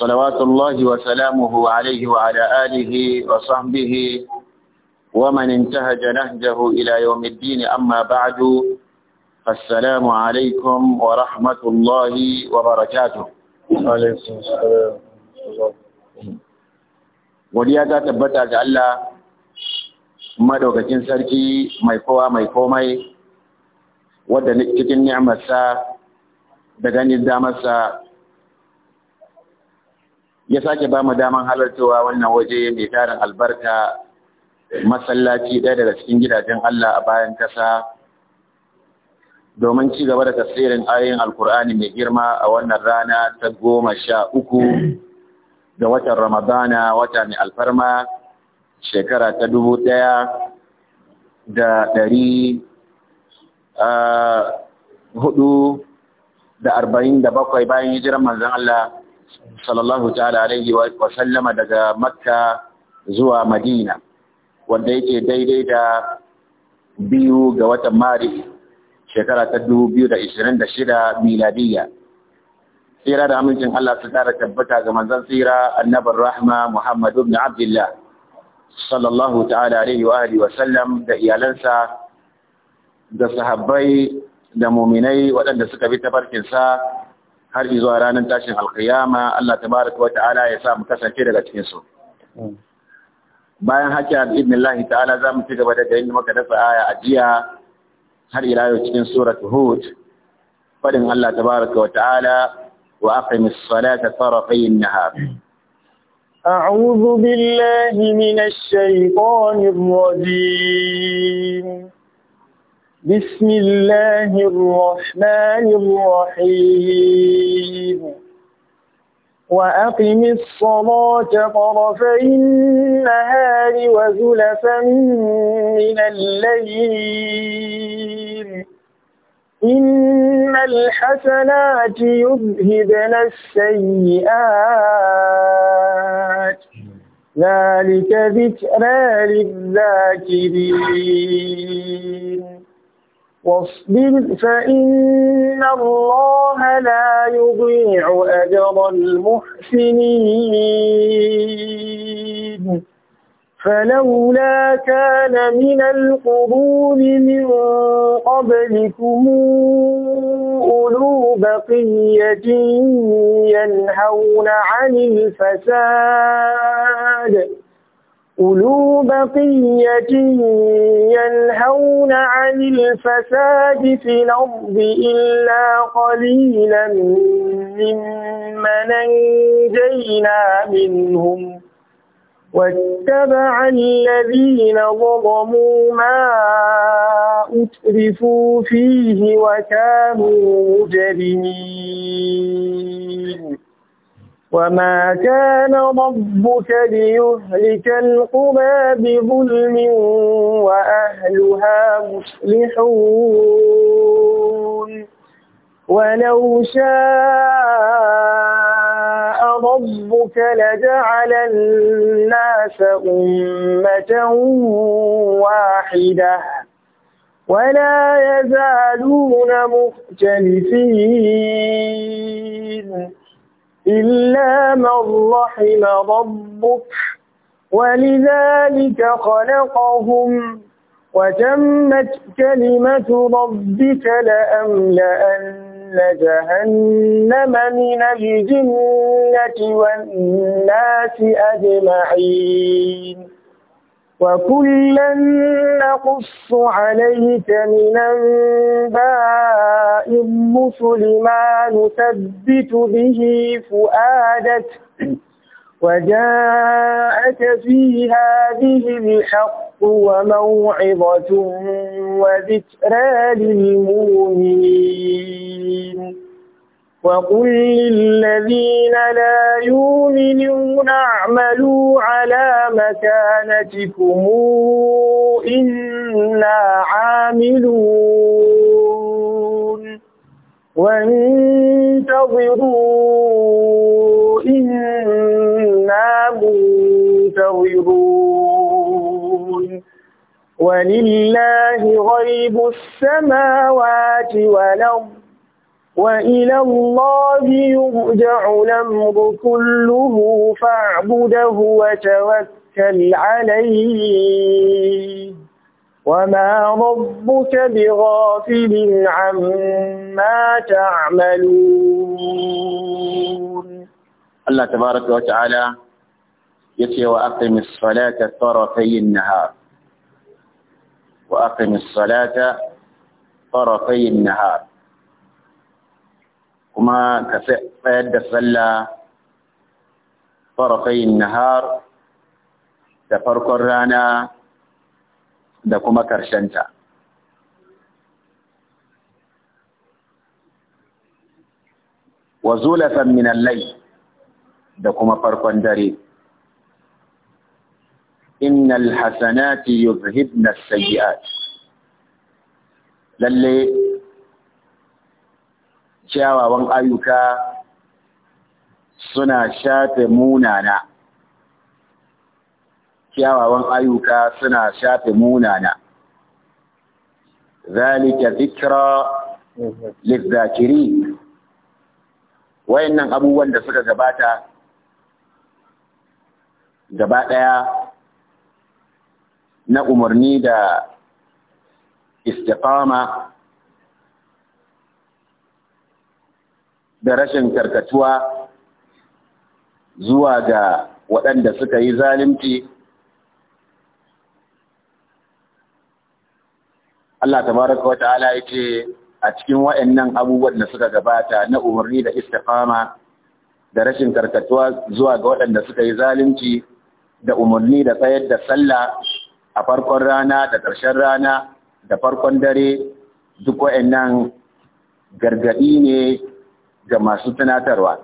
صلوات الله وسلامه عليه وعلى آله وصحبه ومن انتهج نهجه إلى يوم الدين أما بعد السلام عليكم ورحمة الله وبركاته وليادا تبتع جعلا مدو كتن سركي ميقوى ميقوى مي ودن كتن نعمة سا بدن الدامة سا ya sake ba mu daman halartowa wannan waje mai tarin albarka masallaci ɗaya daga cikin gidajen Allah a bayan ƙasa domin ci gaba da tasirin ayoyin alkur'ani mai girma a wannan rana ta goma sha uku da watan ramadana wata mai alfarma shekara ta dubu ɗaya da ɗari hudu da arba'in da bakwai bayan hijiran manzan Allah sallallahu ta'ala alaihi wa sallama daga makka zuwa madina wanda yake daidai da biyu ga watan mari shekara ta 2026 miladiya tsira da amincin Allah su tsara tabbata ga Manzan tsira annabar rahma muhammadu bin Abdullah sallallahu ta'ala alaihi wa alihi wa sallam da iyalansa da sahabbai da muminai waɗanda suka bi tabarkinsa har zuwa ranar tashin alkiyama Allah tabaraka wata'ala ya sa mu kasance daga cikin su hmm. bayan haka bi'idnillahi ta'ala za mu ci gaba da yin maka dasa aya a jiya har ila yau cikin suratul hud fadin Allah tabaraka wata'ala wa aqimis salata tarafay an-nahar أعوذ بالله من الشيطان الرجيم بسم الله الرحمن الرحيم وأقم الصلاة طرفي النهار وزلفا من الليل إن الحسنات يذهبن السيئات ذلك ذكرى للذاكرين واصبر فإن الله لا يضيع أجر المحسنين فلولا كان من القبول من قبلكم أولو بقية ينهون عن الفساد أولو بقية ينهون عن الفساد في الأرض إلا قليلا ممن أنجينا منهم واتبع الذين ظلموا ما أترفوا فيه وكانوا مجرمين وما كان ربك ليهلك القرى بظلم وأهلها مصلحون ولو شاء ربك لجعل الناس أمة واحدة ولا يزالون مختلفين إلا من رحم ربك ولذلك خلقهم وتمت كلمة ربك لأملأن جهنم من الجنة والناس أجمعين وكلا نقص عليك من أنباء الرسل ما نثبت به فؤادك وجاءك في هذه الحق وموعظة وذكرى للمؤمنين وقل للذين لا يؤمنون اعملوا على مكانتكم إنا عاملون وانتظروا إنا منتظرون ولله غيب السماوات والأرض وإلى الله يرجع الأمر كله فاعبده وتوكل عليه وما ربك بغافل عما تعملون الله تبارك وتعالى يتي وأقم الصلاة طرفي النهار وأقم الصلاة طرفي النهار kuma ka tsayar da sallah farafayin nahar da farkon rana da kuma ta. wa zulafan min allai da kuma farkon dare innal hasanati yuzhibna as-sayyi'at lalle kyawawan ayyuka suna shafe munana kyawawan ayyuka suna shafe munana zalika zikra lizakiri wayannan abubuwan da suka gabata gaba ɗaya na umarni da istiqama da rashin karkatuwa zuwa ga waɗanda suka yi zalunci Allah tabaraka wa ta'ala yake a cikin waɗannan abubuwan da suka gabata na umarni da istiqama da rashin karkatuwa zuwa ga waɗanda suka yi zalunci da umarni da tsayar da sallah a farkon rana da ƙarshen rana da farkon dare duk waɗannan gargaɗi ne ga masu tunatarwa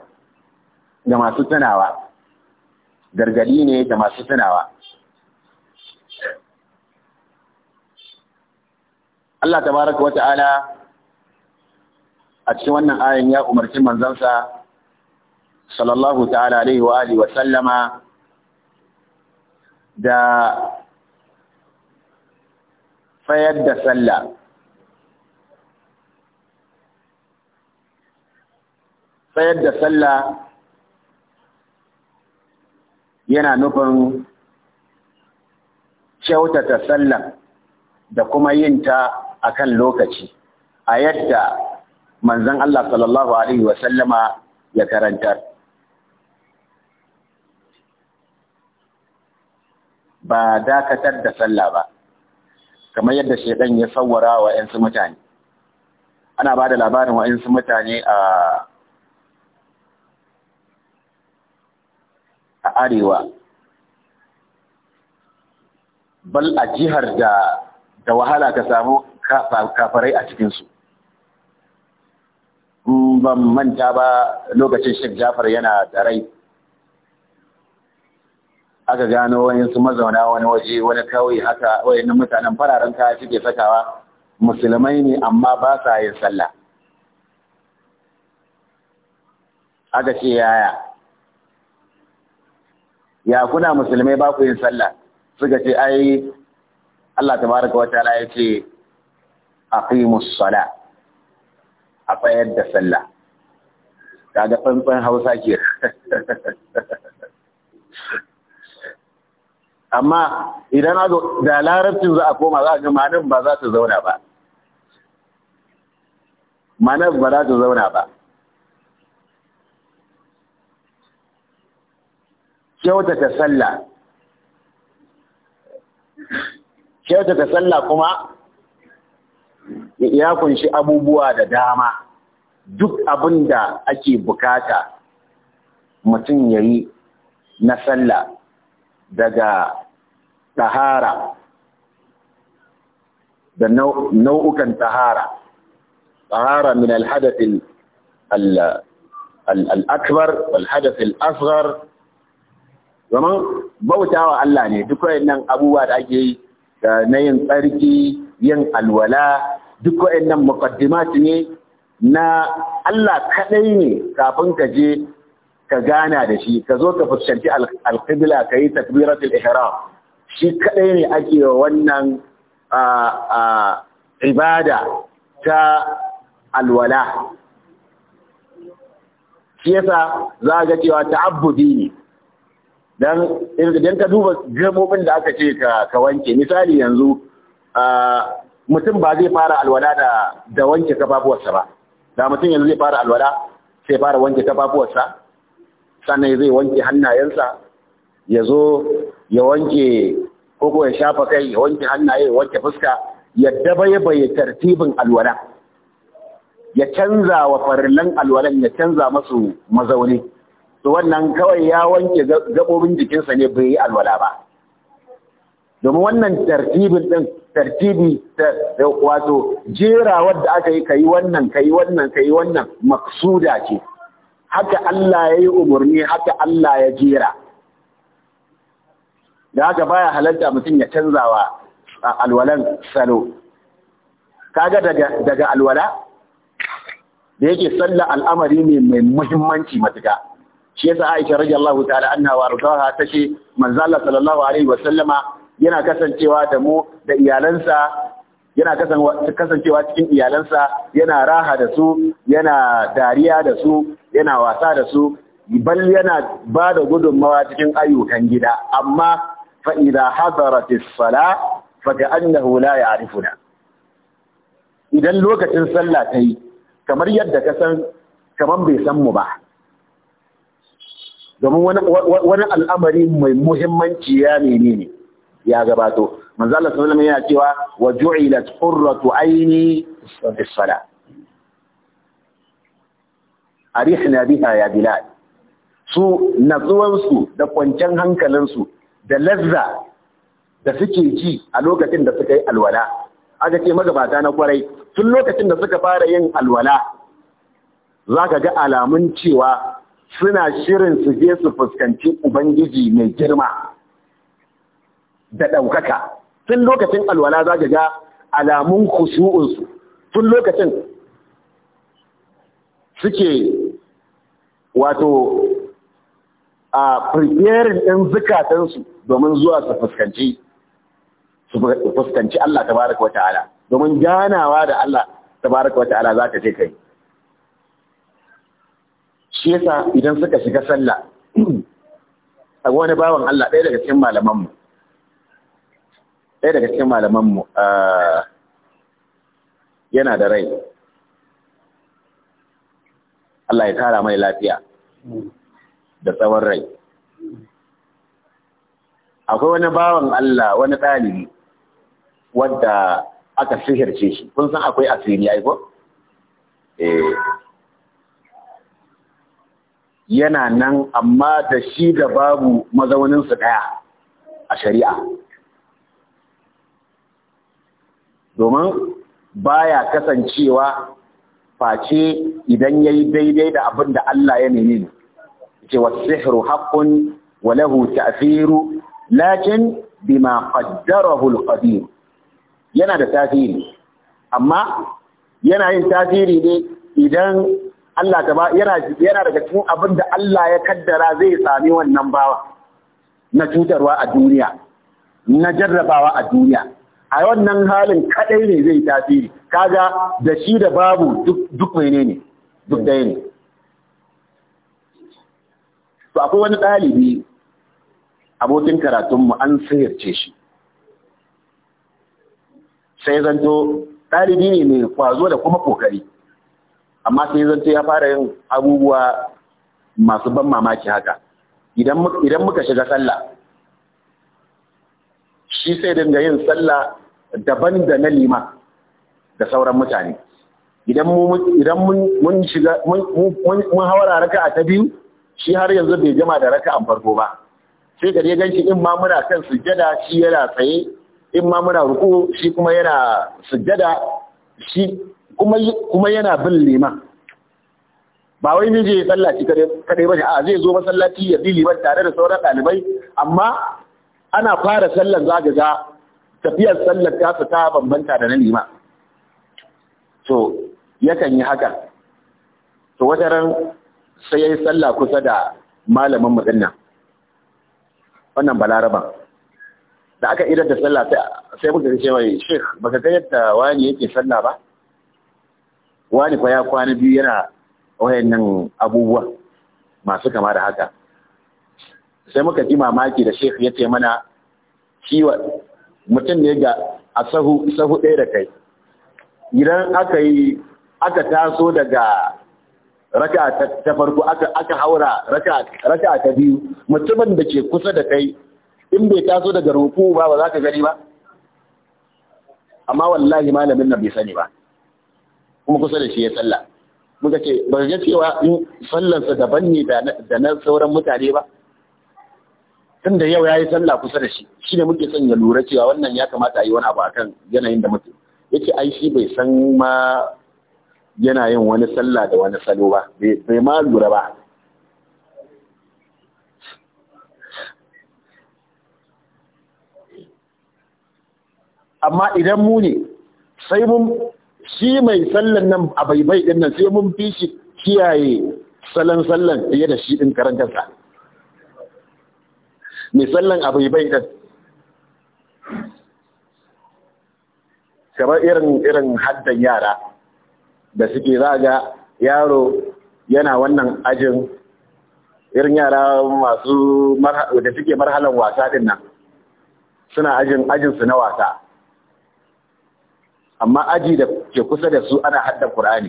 ga masu tunawa gargadi ne ga masu tunawa Allah tabaraka wa ta'ala a cikin wannan ayan ya umarci manzansa sallallahu ta'ala alaihi wa alihi wa sallama da fayar da sallah tsayar da sallah yana nufin kyautata sallah da kuma yin ta a kan lokaci a yadda manzan Allah sallallahu Alaihi wasallama ya karantar. Ba dakatar da sallah ba, kamar yadda shaidan ya sawwara wa ‘yansu mutane. Ana ba da labarin wa ‘yansu mutane a arewa bal a jihar da da wahala ka samu kafarai a cikinsu ban manta ba lokacin shek Jafar yana da rai aka gano su mazauna wani waje wani kawai haka wani mutanen fararen kaya suke sakawa musulmai ne amma ba sa yin sallah aka ce yaya ya kuna musulmai ba ku yin sallah suka ce ai Allah tabaraka wataala ya ce aqimus sala a tsayar da sallah kaga tsantsan Hausa ke amma idan azo da larabcin za a koma za a ga manan ba za ta zauna ba manan ba za ta zauna ba kyautata sallah kyautata sallah kuma ya kunshi abubuwa da dama duk abin da ake bukata mutum ya yi na sallah daga tahara da nau'ukan tahara tahara min alhadath al-akbar wal hadath al domin bautawa Allah ne duk wayannan abubuwa da ake yi na yin tsarki yin alwala duk wayannan muqaddimat ne na Allah kadai ne kafin ka je ka gana da shi ka zo ka fuskanci alqibla ka yi takbiratul ihram shi kadai ne ake wa wannan ibada ta alwala shi yasa za ga cewa ta'abbudi ne dan idan ka duba gabobin da aka ce ka ka wanke misali yanzu mutum ba zai fara alwala da da wanke kafafuwarsa ba da mutum yanzu zai fara alwala sai fara wanke kafafuwarsa sannan zai wanke hannayensa ya zo ya wanke koko ya shafa kai ya wanke hannaye ya wanke fuska ya dabaibaye tartibin alwala ya canza wa farillan alwalan ya canza masu mazauni to wannan kawai ya wanke gaɓoɓin jikinsa ne bai yi alwala ba domin wannan tartibin ɗin tartibi ta wato jera da aka yi yi wannan yi wannan yi wannan maksuda ce haka Allah ya yi umarni haka Allah ya jera da haka baya halarta mutum ya canzawa alwalan salo kaga daga alwala da yake sallar al'amari ne mai muhimmanci matuka shi yasa Aisha radiyallahu ta'ala anha wa radhaha tace manzo Allah sallallahu alaihi wa sallama yana kasancewa da mu da iyalansa yana kasancewa cikin iyalansa yana raha da su yana dariya da su yana wasa da su bal yana ba da gudunmawa cikin ayyukan gida amma fa idza hadarat as-sala fa ka'annahu la ya'rifuna idan lokacin sallah tayi kamar yadda ka san kamar bai san mu ba domin wani al'amari mai muhimmanci ya ne ya gabato Manzala sun zama yana cewa wa ju'ilat qurratu aini bis-salah na biha ya bilal su natsuwansu da kwancen hankalinsu da lazza da suke ji a lokacin da suka yi alwala aka ce magabata na kwarai tun lokacin da suka fara yin alwala za ka ga alamun cewa suna shirin su je su fuskanci Ubangiji mai girma da ɗaukaka. Tun lokacin alwala za ga alamun kushu'unsu, tun lokacin suke wato a preparing ɗin zukatansu domin zuwa su fuskanci fuskanci Allah tabaraka wa ta'ala domin ganawa da Allah tabaraka wa ta'ala za ta je kai. shi yasa idan suka shiga sallah a wani bawan Allah ɗaya daga cikin malamanmu ɗaya daga cikin malamanmu yana da rai Allah ya tara mai lafiya da tsawon rai akwai wani bawan Allah wani ɗalibi wadda aka sihirce shi kun san akwai asiri aiko? eh yana nan amma da shi da babu mazauninsu ɗaya a shari'a domin baya kasancewa face idan ya yi daidai da abin da Allah ya nemi ce wa sihiru haƙƙun wa lahu ta'firu lakin bima qaddarahu al-qadir yana da tasiri amma yana yin tasiri ne idan Allah ba yana yana daga cikin abin da Allah ya kaddara zai sami wannan bawa na cutarwa a duniya na jarrabawa a duniya a wannan halin kaɗai ne zai tasiri kaga da shi da babu duk menene duk daya ne to akwai wani ɗalibi abokin karatunmu an sayarce shi sai zanto ɗalibi ne mai kwazo da kuma kokari amma sai zanto ya fara yin abubuwa masu ban mamaki haka idan muka shiga sallah shi sai dinga yin sallah daban da na liman da sauran mutane idan mun shiga mun hawara raka'a ta biyu shi har yanzu bai jama da raka'an farko ba sai gare ganshi in ma muna kan sujjada shi yana tsaye in ma muna ruku shi kuma yana sujjada shi kuma yana bin liman ba wai zai je ya sallaci ba ne. a zai zo masallaci ya bi liman tare da sauran ɗalibai amma ana fara sallan zaga tafiyar sallar ta ta bambanta da na lima to yakan yi haka to wata ran sai ya yi sallah kusa da malamin mu wannan Balaraba da aka idar da sallah sai muka ce mai ba baka ga yadda wani yake sallah ba wani fa ya kwana biyu yana wayannan abubuwa masu kama da haka sai muka ji mamaki da shekhu ya ce mana kiwa mutum ne ga a sahu sahu ɗaya da kai idan aka yi aka taso daga raka ta farko aka haura raka ta biyu mutumin da ke kusa da kai in bai taso daga ruku ba ba za ka gani ba amma wallahi malamin na bai sani ba kuma kusa da shi ya sallah muka ce ba ga cewa in sallarsa daban ne da na sauran mutane ba Tunda yau ya yi sallah kusa da shi shi ne muke son ya lura cewa wannan ya kamata a yi wani abu kan yanayin da muke ya ce ai shi bai san ma yana wani sallah da wani salo ba bai ma lura ba amma idan mu ne sai mun shi mai sallan nan a baibai din nan sai mun fi shi kiyaye salon sallan fiye da shi din karantarsa. mai sallan a baibai din kamar irin irin haddan yara da suke zaga yaro yana wannan ajin irin yara masu da suke marhalan wasa din nan suna ajin ajinsu na wasa amma aji da ke kusa da su ana hadda Qur'ani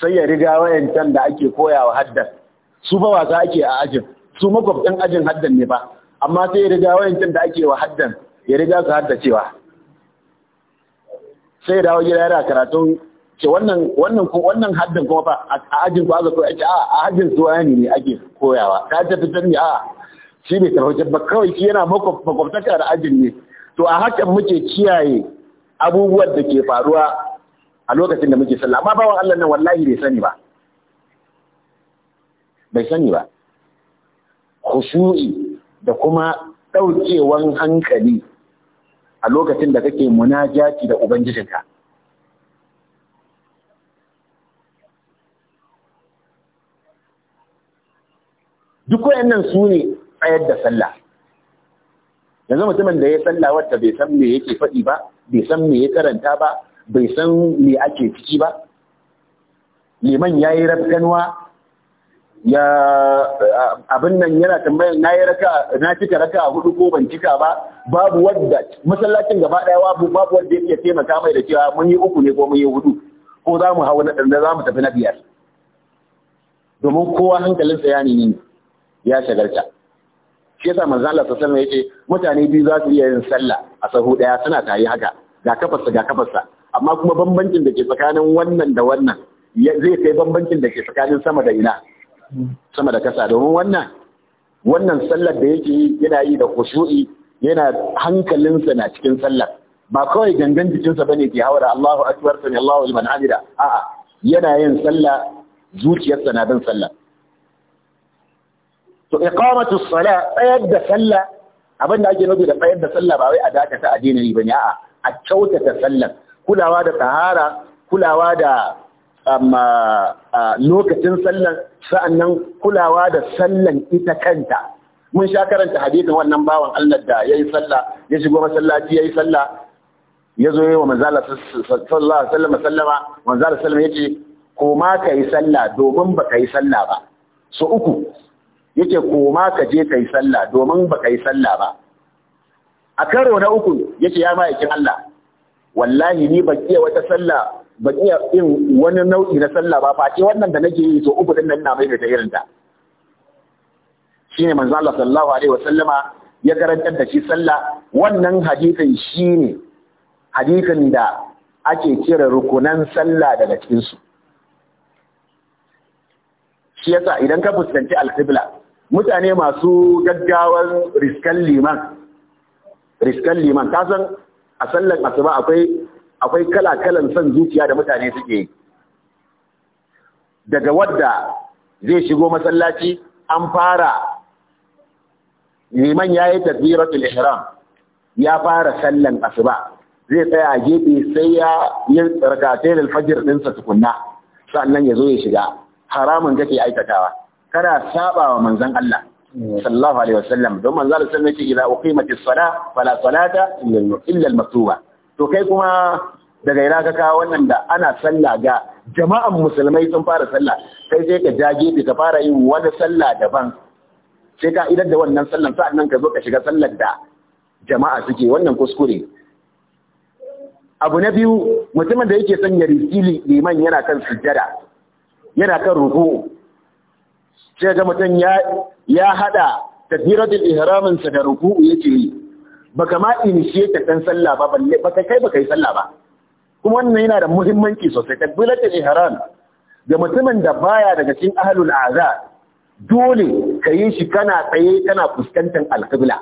sai ya riga wayancan da ake koyawa haddan su ba wasa ake a ajin su makwabtan ajin haddan ne ba amma sai ya riga wayancan da ake wa haddan ya riga su haddacewa sai dawo gida yana karatu, ce wannan wannan ko wannan haddan kuma fa a ajin ku aka koya ce a a ajin su wani ne ake koyawa ta tafi fitar ne a shi ne tarhojar ba kawai shi yana makwabtaka da ajin ne to a hakan muke kiyaye abubuwan da ke faruwa a lokacin da muke sallah amma bawan Allah nan wallahi bai sani ba bai sani ba khushu'i da kuma ɗaukewan hankali a lokacin da kake munajati da ubangijinka duk wayannan su ne tsayar da sallah yanzu mutumin da ya sallah wadda bai san me yake faɗi ba bai san me ya karanta ba bai san me ake ciki ba liman ya yi ya abin nan yana tambayan na yi raka na cika raka a hudu ko ban cika ba babu wadda masallacin gaba daya babu babu wadda yake taimaka mai da cewa mun yi uku ne ko mun yi hudu ko za mu hau na dan za mu tafi na biyar domin kowa hankalinsa ya ne ya shagarta shi yasa manzo Allah sallallahu alaihi wasallam yace mutane biyu za su iya yin sallah a sahu daya suna tare haka ga kafarsa ga kafarsa amma kuma bambancin da ke tsakanin wannan da wannan zai kai bambancin da ke tsakanin sama da ina sama da kasa domin wannan wannan sallar da yake yi yana yi da khushu'i yana hankalinsa na cikin sallar ba kawai gangan jikinsa bane ke haura Allahu akbar sami Allahu liman hamida a'a yana yin sallah zuciyarsa na bin sallah to iqamatu sala tsayar da sallah abin da ake nufi da tsayar da sallah ba wai a dakata a dinin bane a'a a kyautata sallah. kulawa da tahara kulawa da um, uh, uh, lokacin sallah, sa'annan kulawa da sallah ita kanta mun sha karanta hadisin wannan bawan Allah da yayi sallah ya shigo masallaci yayi sallah ya zo yi wa manzala sallallahu alaihi wasallam sallama manzala sallama yace ko ma kai sallah domin ba kai sallah ba so uku yake koma ka je kai sallah domin ba kai sallah ba a karo na uku yake ya ma'aikin Allah wallahi ni ban iya wata sallah ban iya yin wani nau'i na sallah ba face wannan da nake yi so uku din nan na mai da irin ta shine manzo Allah sallallahu alaihi wasallama ya karantar da shi sallah wannan hadisin shine hadisin da ake cire rukunan sallah daga cikinsu. su shi yasa idan ka fuskanci alqibla mutane masu gaggawar riskan liman riskan liman ta san a sallan asuba akwai akwai kala son zuciya da mutane suke yi daga wadda zai shigo masallaci an fara liman ya yi tasbiratul ihram ya fara sallan asuba zai tsaya a gefe sai ya yi rakatai alfajir ɗinsa tukunna sannan ya zo ya shiga haramun kake aikatawa kana saba wa manzon Allah sallallahu alaihi wasallam don manzon Allah sallallahu alaihi wasallam ila uqimatis salah fala salata illa al-maktuba to kai kuma daga ina ka kawo wannan da ana sallah ga jama'an musulmai sun fara salla kai sai ka jage ka fara yin wani sallah daban sai ka idar da wannan sallan sa'annan ka zo ka shiga sallar da jama'a suke wannan kuskure abu na biyu mutumin da yake son ya liman yana kan sujjada yana kan ruku sai ga mutum ya hada tafiratul ihramin sa da ruku'u yake yi baka ma initiate ta kan sallah ba balle baka kai baka yi sallah ba kuma wannan yana da muhimmanci sosai takbiratul ihram ga mutumin da baya daga cikin ahlul azza dole ka yi shi kana tsaye kana fuskantar alqibla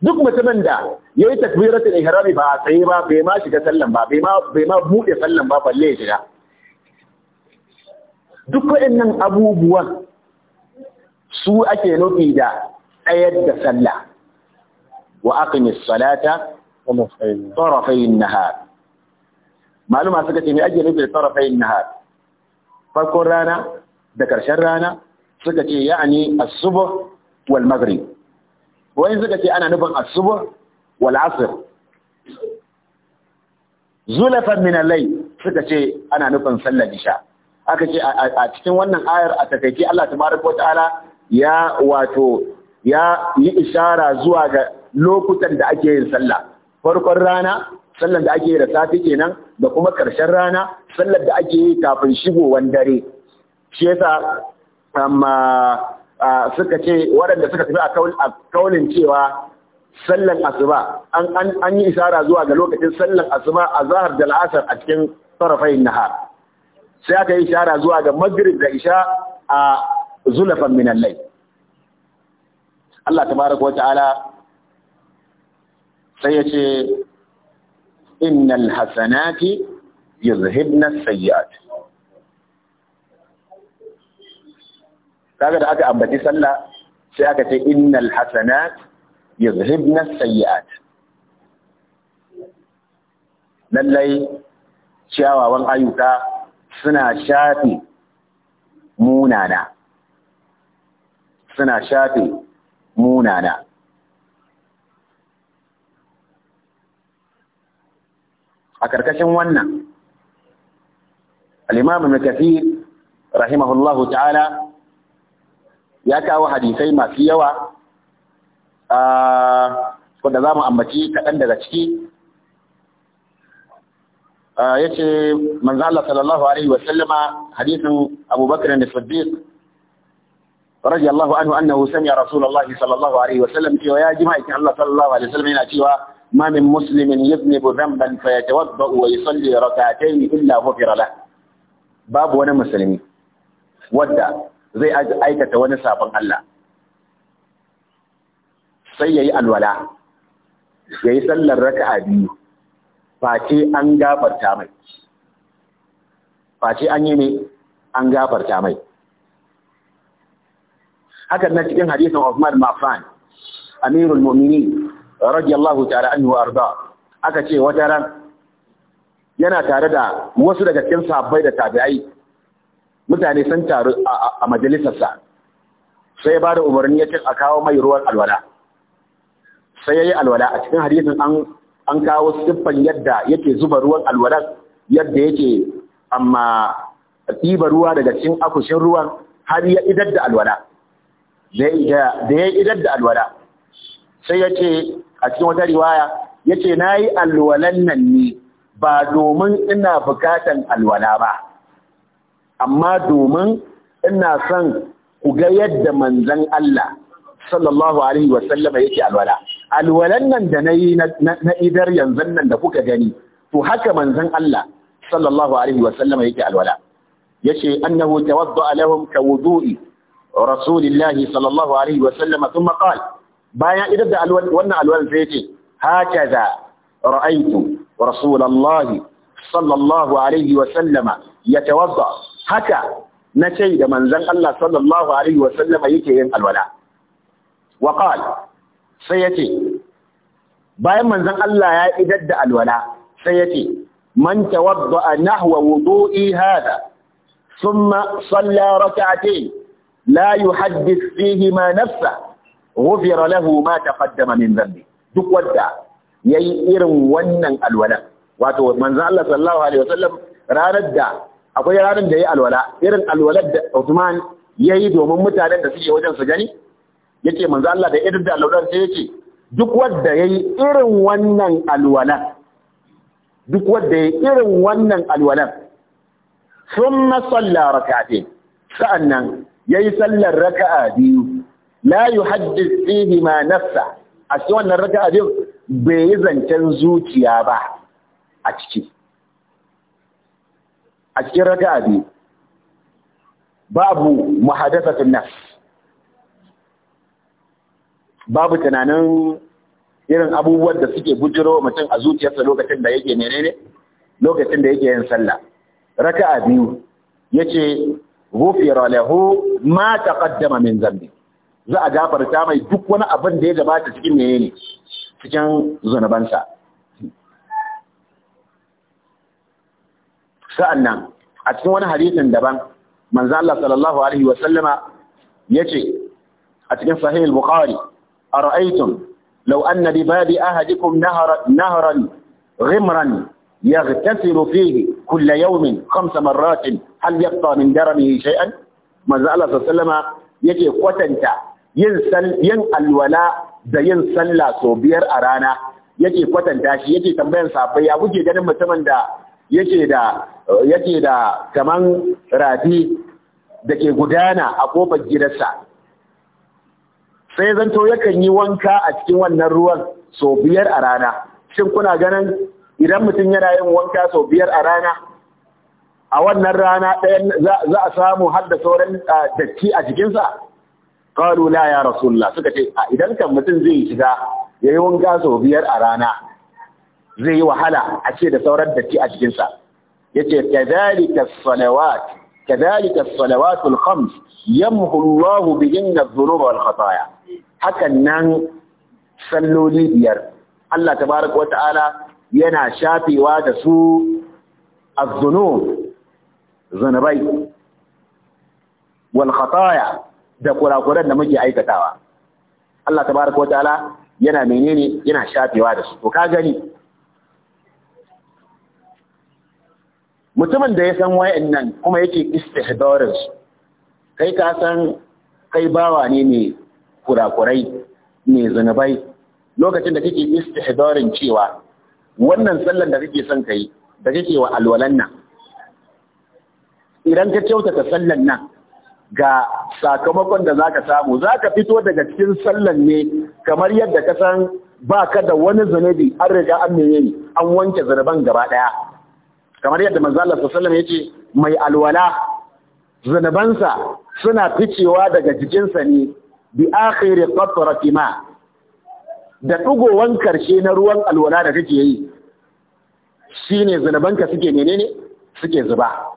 duk mutumin da yayi takbiratul ihram ba tsaye ba bai ma shiga sallan ba bai ma bai ma bude sallan ba balle ya shiga duk waɗannan abubuwan su ake nufi da ɗayar da sallah wa aqimis salata tarafayn nahar maluma suka ce me ake nufi da tarafayn nahar farkon rana da ƙarshen rana suka ce ya'ani as-subh wal maghrib wani suka ce ana nufin as-subh wal asr zulafan min suka ce ana nufin sallar isha aka ce a cikin wannan ayar a takaice Allah tabaraka wata'ala ya wato ya yi ishara zuwa ga lokutan da ake yin sallah farkon rana sallar da ake yi da safe kenan da kuma ƙarshen rana sallar da ake yi kafin shigowar dare shi yasa amma suka ce waɗanda suka tafi a kaulin cewa sallan asuba an yi isara zuwa ga lokacin sallan asuba a zahar da la'asar a cikin na nahar sai aka yi shara zuwa ga magrib da isha a zulafan minan lai Allah tabaraka wa ta'ala sai ya ce innal hasanati yuzhibna sayyi'at kaga da aka ambaci sallah sai aka ce innal hasanat yuzhibna sayyi'at lallai ciyawawan ayyuka suna shafe munana suna shafe munana a karkashin wannan al-imam rahimahullahu ta'ala ya kawo hadisai masu yawa ah, wanda za mu ambaci kaɗan daga ciki ya ce manzo Allah sallallahu alaihi wasallama hadisin abubakar da siddiq radiyallahu anhu annahu sami'a rasulullahi sallallahu alaihi wasallam cewa ya ji jima'i Allah sallallahu alaihi wasallam yana cewa ما من مسلم يذنب ذنبا فيتوضا ويصلي ركعتين illa غفر له Babu wani musulmi ودا zai aikata wani sabon Allah sai yayi alwala yayi sallar raka'a biyu face an gafarta mai face an yi ne an gafarta mai hakan na cikin hadisin Uthman Mafan Amirul Mu'minin radiyallahu ta'ala anhu arda aka ce wata ran yana tare da wasu daga cikin sahabbai da tabi'ai mutane sun taru a majalisarsa sai ya bada umarni ya ce a kawo mai ruwan alwala sai ya yi alwala a cikin hadisin an an kawo siffan yadda yake zuba ruwan alwalan yadda yake amma ɗiba ruwa daga cikin akushin ruwan har ya idar da alwala da ya idar da alwala sai ya ce a cikin wata riwaya ya ce na yi alwalan nan ne ba domin ina bukatan alwala ba amma domin ina son ku ga yadda manzan Allah sallallahu alaihi wasallama yake alwala alwalan nan da na yi na idar yanzan nan da kuka gani to haka manzan Allah sallallahu alaihi wa sallama yake alwala Ya ce annahu tawadda lahum ka wudu'i rasulillahi sallallahu alaihi wa sallama thumma qala bayan idar da wannan alwalan sai haka hakaza ra'aytu rasulullahi sallallahu alaihi wa sallama yatawadda haka na ce da manzan Allah sallallahu alaihi wa sallama yake yin alwala wa sai ya ce bayan manzan Allah ya idar da alwala sai ya ce man tawadda nahwa wudu'i hada thumma salla rak'atayn layu yuhaddith fihi ma nafsa ghufira lahu ma taqaddama min dhanbi duk wadda ya yi irin wannan alwala wato manzan Allah sallallahu alaihi wasallam ranar da akwai ranar da ya yi alwala irin alwalar da Usman ya yi domin mutanen da suke wajen su gani yake manzo Allah da irin da sai yake duk wanda yayi irin wannan alwala duk wanda yayi irin wannan alwala thumma salla rak'atayn sa'annan yayi sallar raka'a biyu la yuhaddith fihi ma nafsa a cikin wannan raka'a biyu bai yi zancen zuciya ba a ciki a cikin raka'a biyu babu muhaddathatun nafs babu tunanin irin abubuwan da suke bujiro mutum a zuciyarsa lokacin da yake menene lokacin da yake yin sallah raka'a biyu yace ghufira lahu ma taqaddama min zambi za a gafarta mai duk wani abin da ya gabata cikin menene cikin zunubansa sa'annan a cikin wani hadisin daban manzo Allah sallallahu alaihi wa sallama yace a cikin sahih al-bukhari أرأيتم لو أن بباب أحدكم نهرا, نهرا غمرا يغتسل فيه كل يوم خمس مرات هل يقطع من درمه شيئا manzo Allah sallama yake kwatanta yin yin alwala da yin sallah so biyar a rana yake kwatanta shi yake tambayan sahabbai ya kuke ganin mutumin da yake da yake da kaman rafi da ke gudana a kofar gidansa sai zanto yakan yi wanka a cikin wannan ruwan sau biyar a rana shin kuna ganin idan mutum yana yin wanka sau biyar a rana a wannan rana ɗayan za a samu har da sauran datti a jikinsa qalu la ya rasulullah suka ce a idan kan mutum zai shiga ya yi wanka sau biyar a rana zai yi wahala a ce da sauran datti a jikinsa Ya ce as-salawat salawatul khams yamhu Allahu bihinna adh wal hakan nan salloli biyar Allah tabaraka wata'ala yana shafewa da su az-zunub zunubai wal khataya da kurakuran da muke aikatawa Allah tabaraka wata'ala yana menene yana shafewa da su to ka gani mutumin da ya san wayannan kuma yake istihdarin kai ka san kai bawa ne ne kurakurai mai zunubai lokacin da kake istihdarin cewa wannan sallan da kake son kai da kake wa alwalan nan idan ka kyautata sallan nan ga sakamakon da zaka samu zaka fito daga cikin sallan ne kamar yadda ka san ba ka da wani zunubi an riga an menene an wanke zunuban gaba daya kamar yadda manzo Allah sallallahu alaihi wasallam yace mai alwala zunubansa suna ficewa daga jikinsa ne bi akhiri qatrati ma da dugowan karshe na ruwan alwala da kake yi shine zunubanka suke menene suke zuba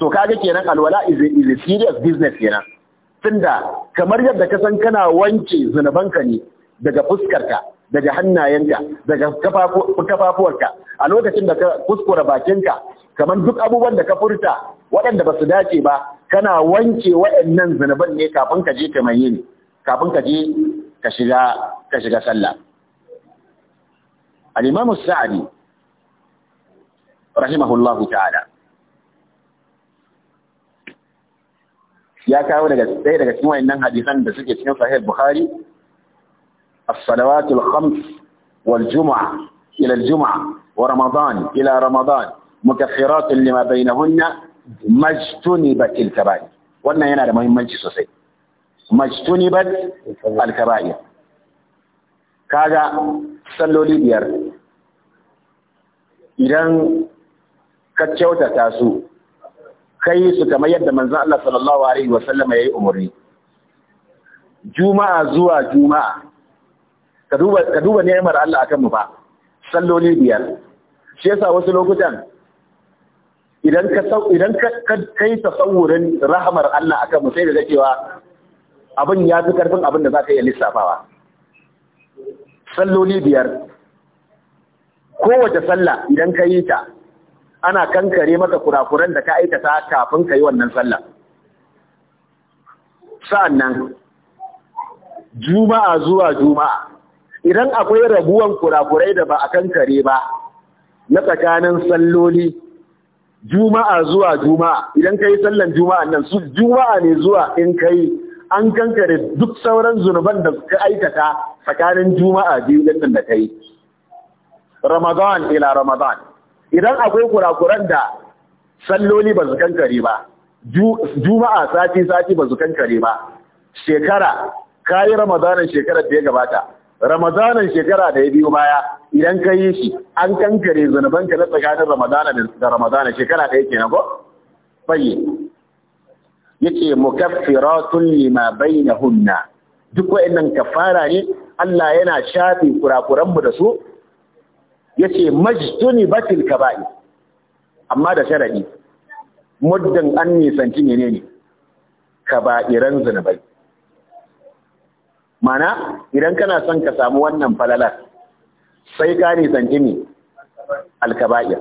to kaga kenan alwala is a, serious business kenan tunda kamar yadda ka san kana wanke zunubanka ne daga fuskarka daga hannayenka daga kafafuwarka a lokacin da ka kuskura bakinka kamar duk abubuwan da ka furta waɗanda ba su dace ba kana wanke waɗannan zunuban ne kafin ka je ne kafin ka je ka shiga ka shiga sallah al-imam as-sa'di rahimahullah ta'ala ya kawo daga ɗaya daga cikin wayannan hadisan da suke cikin sahih bukhari as-salawatul khams wal jum'a ila al-jum'a wa ramadan ila ramadan mukaffiratun lima bainahunna majtunibat al-kaba'ir wannan yana da muhimmanci sosai majtunibat al-kaba'ir kaga salloli biyar idan ka kyautata su kai su kamar yadda manzon Allah sallallahu alaihi wa sallama yayi umurni juma'a zuwa juma'a ka duba ka duba ni'imar Allah akan mu ba salloli biyar shi yasa wasu lokutan idan ka idan ka kai tasawurin rahamar Allah akan mu sai da cewa abin ya fi karfin abin da za ka iya lissafawa salloli biyar kowace salla idan ka yi ta ana kankare maka kurakuran da ka aikata kafin ka yi wannan sallah sa'annan juma'a zuwa juma'a idan akwai rabuwan kurakurai da ba a kankare ba na tsakanin salloli juma'a zuwa juma'a idan ka sallan juma'a nan su juma'a ne zuwa in ka yi an kankare duk sauran zunuban da ka aikata tsakanin juma'a biyu din da ka yi ramadan ila ramadan idan akwai kurakuran da salloli ba su kankare ba juma'a sati sati ba su kankare ba shekara ka yi ramadanin shekarar da ya gabata ramadanan shekara da ya biyo baya idan ka yi shi an kankare zunuban ka na tsakanin ramadana da ramadana shekara ɗaya kenan ko bai yake mukaffiratun lima bainahunna duk wa'annan kafara ne Allah yana shafe kurakuran mu da su yace majtuni batil kaba'i amma da sharadi muddin an nisanci menene kaba'iran zunubai mana idan kana son ka samu wannan falalar sai ka nisanci ne alkaba'ir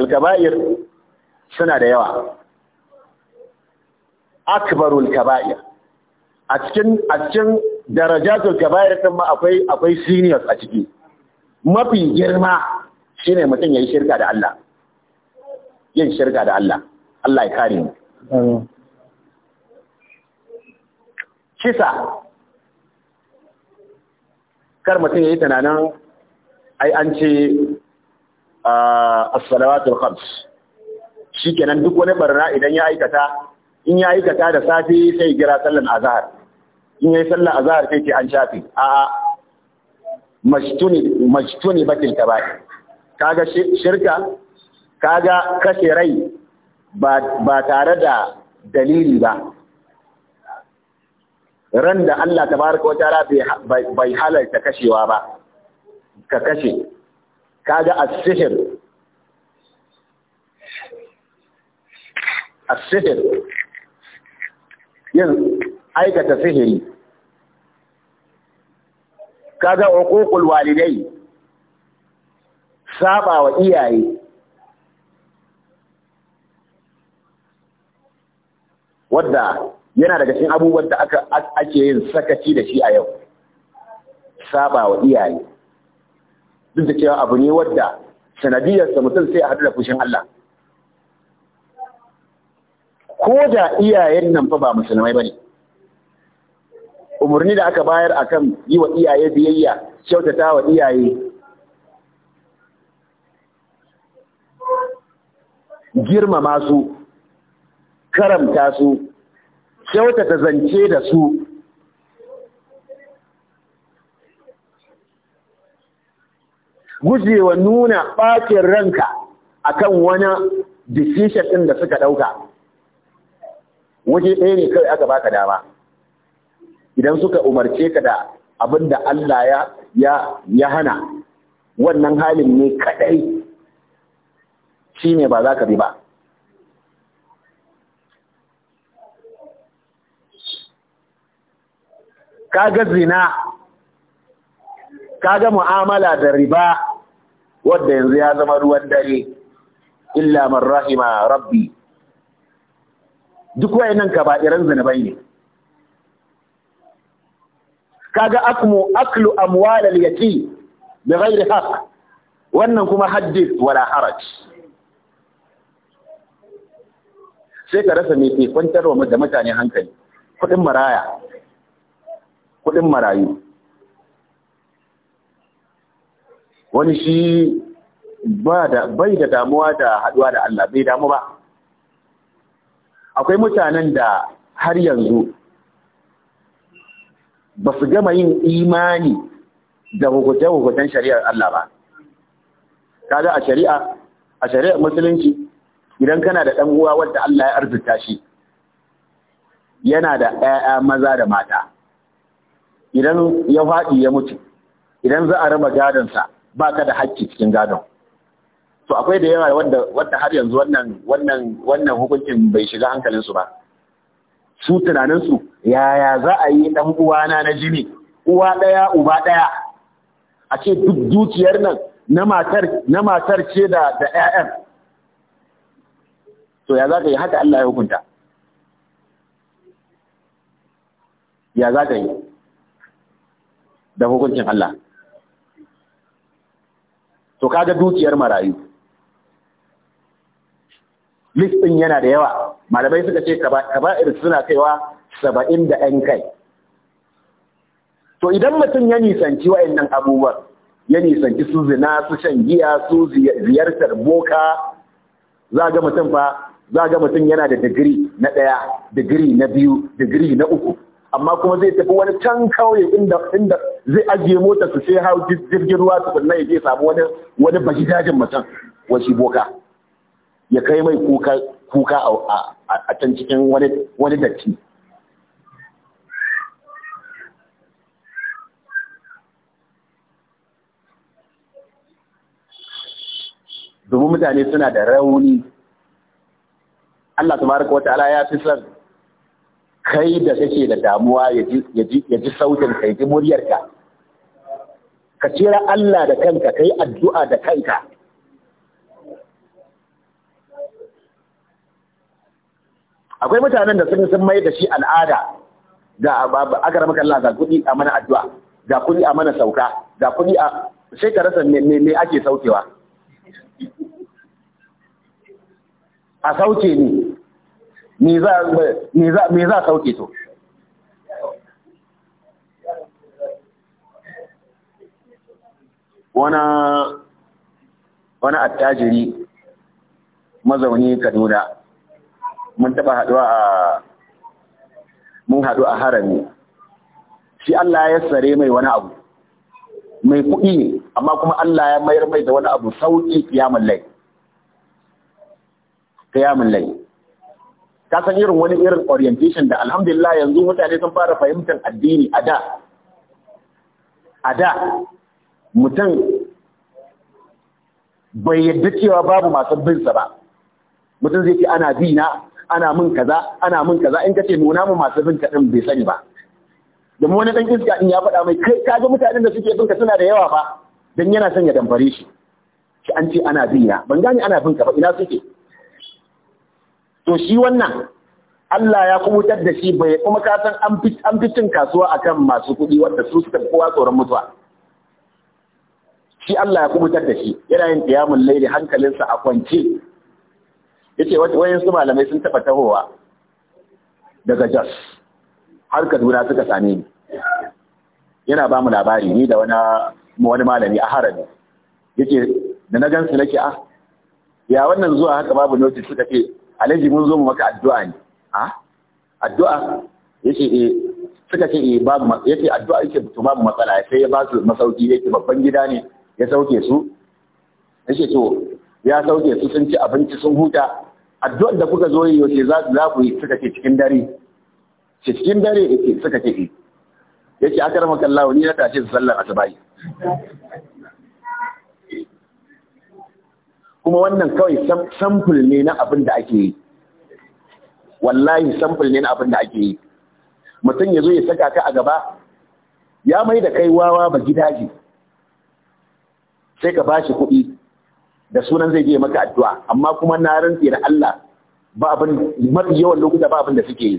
alkaba'ir suna da yawa akbarul kaba'ir a cikin a cikin darajatul kaba'ir din ma akwai akwai seniors a ciki mafi girma shine mutum yayi shirka da Allah yin shirka da Allah Allah ya kare mu kisa kar mutum ya yi tunanin ai an ce as khams shikenan duk wani barna idan ya aikata in ya aikata da safi sai gira sallan azhar in yayi sallan azhar sai ce an shafi a majtuni majtuni batil kabair kaga shirka kaga kashe rai ba ba tare da dalili ba ran da Allah ta baraka wata rafi bai halarta kashewa ba ka kashe Ka ga asihir, asihir, yin aikata sihiri Ka kaga okokul walidai saba wa iyaye wadda yana daga cikin abubuwan da aka ake yin sakaci da shi a yau saba wa iyaye duk da cewa abu ne wadda sanadiyarsa mutum sai a haɗu da fushin Allah ko da iyayen nan fa ba musulmai ne? umarni da aka bayar akan yi wa iyaye biyayya kyautata wa iyaye girmama su karamta su kyautata zance da su gujewa nuna ɓakin ranka a kan wani decision ɗin da suka ɗauka waje ɗaya ne kawai aka baka dama idan suka umarce ka da abin da Allah ya hana wannan halin ne kaɗai shi ne ba za ka bi ba kaga zina kaga mu'amala da riba wanda yanzu ya zama ruwan dare illa man rahima rabbi duk wayannan kaba'iran zinubai ne kaga akmu aklu amwal al-yatim bighayri haqq wannan kuma haddith wala haraj sai ka rasa mai ke kwantar da mutane hankali kudin maraya kuɗin marayu wani shi bai da damuwa da haɗuwa da Allah bai damu ba akwai mutanen da har yanzu ba su gama yin imani da hukuce-hukucen shari'ar Allah ba kaga a shari'a a shari'ar musulunci idan kana da ɗan uwa wanda Allah ya arzuta shi yana da 'ya'ya maza da mata idan ya faɗi ya mutu idan za a raba gadonsa ba ka da hakki cikin gadon to akwai da yawa wanda wanda har yanzu wannan wannan wannan hukuncin bai shiga hankalin su ba su tunaninsu. su yaya za a yi dan uwana na jini uwa daya uba daya a ce duk dukiyar nan na matar na matar ce da da ƴaƴan to ya za ka yi haka Allah ya hukunta ya za ka yi da hukuncin Allah to kaga dukiyar marayu Listin ɗin yana da yawa malamai suka ce kaba'ir suna kaiwa saba'in da yan kai to idan mutum ya nisanci wa'annan abubuwan ya nisanci su zina su shan giya su ziyartar boka za ga mutum fa za ga mutum yana da digiri na ɗaya digiri na biyu digiri na uku amma kuma zai tafi wani can kauye inda inda zai ajiye mota su sai hau jirgin ruwa su kunna ya je samu wani wani bashi dajin mutum wasi boka ya kai mai kuka kuka a can cikin wani wani datti domin mutane suna da rauni Allah tabaraka wa ta'ala ya fi san kai da kake da damuwa ya ji sautin ka ji muryarka ka cira Allah da kanka kai addu'a da kanka akwai mutanen da sun sun mai da shi al'ada ga aka rama kalla ga kudi a mana addu'a ga kudi a mana sauka ga kudi a sai ka rasa me ake saukewa a sauke ne me za a sauke to wani attajiri mazauni Kaduna mun taba haduwa a mun hadu a harami shi Allah ya sare mai wani abu mai kuɗi ne amma kuma Allah ya mayar mai da wani abu sauƙi kiyamun lai kiyamun lai ka san irin wani irin orientation da alhamdulillah yanzu mutane sun fara fahimtar addini a da a da mutum bai yadda cewa babu masu binsa ba mutum zai ce ana bi na ana min kaza ana min kaza in ka ce nuna mu masu binka din bai sani ba domin wani dan iska din ya faɗa mai kai ka ga mutanen da suke binka suna da yawa fa dan yana son ya damfare shi shi an ce ana bi na ban gane ana binka ba ina suke to shi wannan Allah ya kubutar da shi bai kuma ka san an fi cin kasuwa akan masu kuɗi wanda su suka kowa tsoron mutuwa shi Allah ya kubutar da shi yana yin tiyamun layli hankalinsa a kwance yace wayan su malamai sun taba tahowa daga Jos har Kaduna suka same ni yana ba mu labari ni da wani wani malami a harami yace da na gansu nake ah ya wannan zuwa haka babu notice suka ce alhaji mun zo mu maka addu'a ne a addu'a yace eh suka ce eh babu yace addu'a yake to babu matsala sai ya ba su masauki yake babban gida ne ya sauke su yace to ya sauke su sun ci abinci sun huta addu'ar da kuka zo yi yace za za ku yi suka ce cikin dare ce cikin dare yake suka ce eh yace akramaka Allah ni na tashi sallar asuba kuma wannan kawai samfil ne na abin da ake yi wallahi samfil ne na abin da ake yi mutum ya zo ya saka ka a gaba ya mai da kai wawa ba gidaje sai ka bashi kuɗi da sunan zai je maka addu'a amma kuma na rantse da Allah ba abin mafi yawan lokuta ba abin da suke yi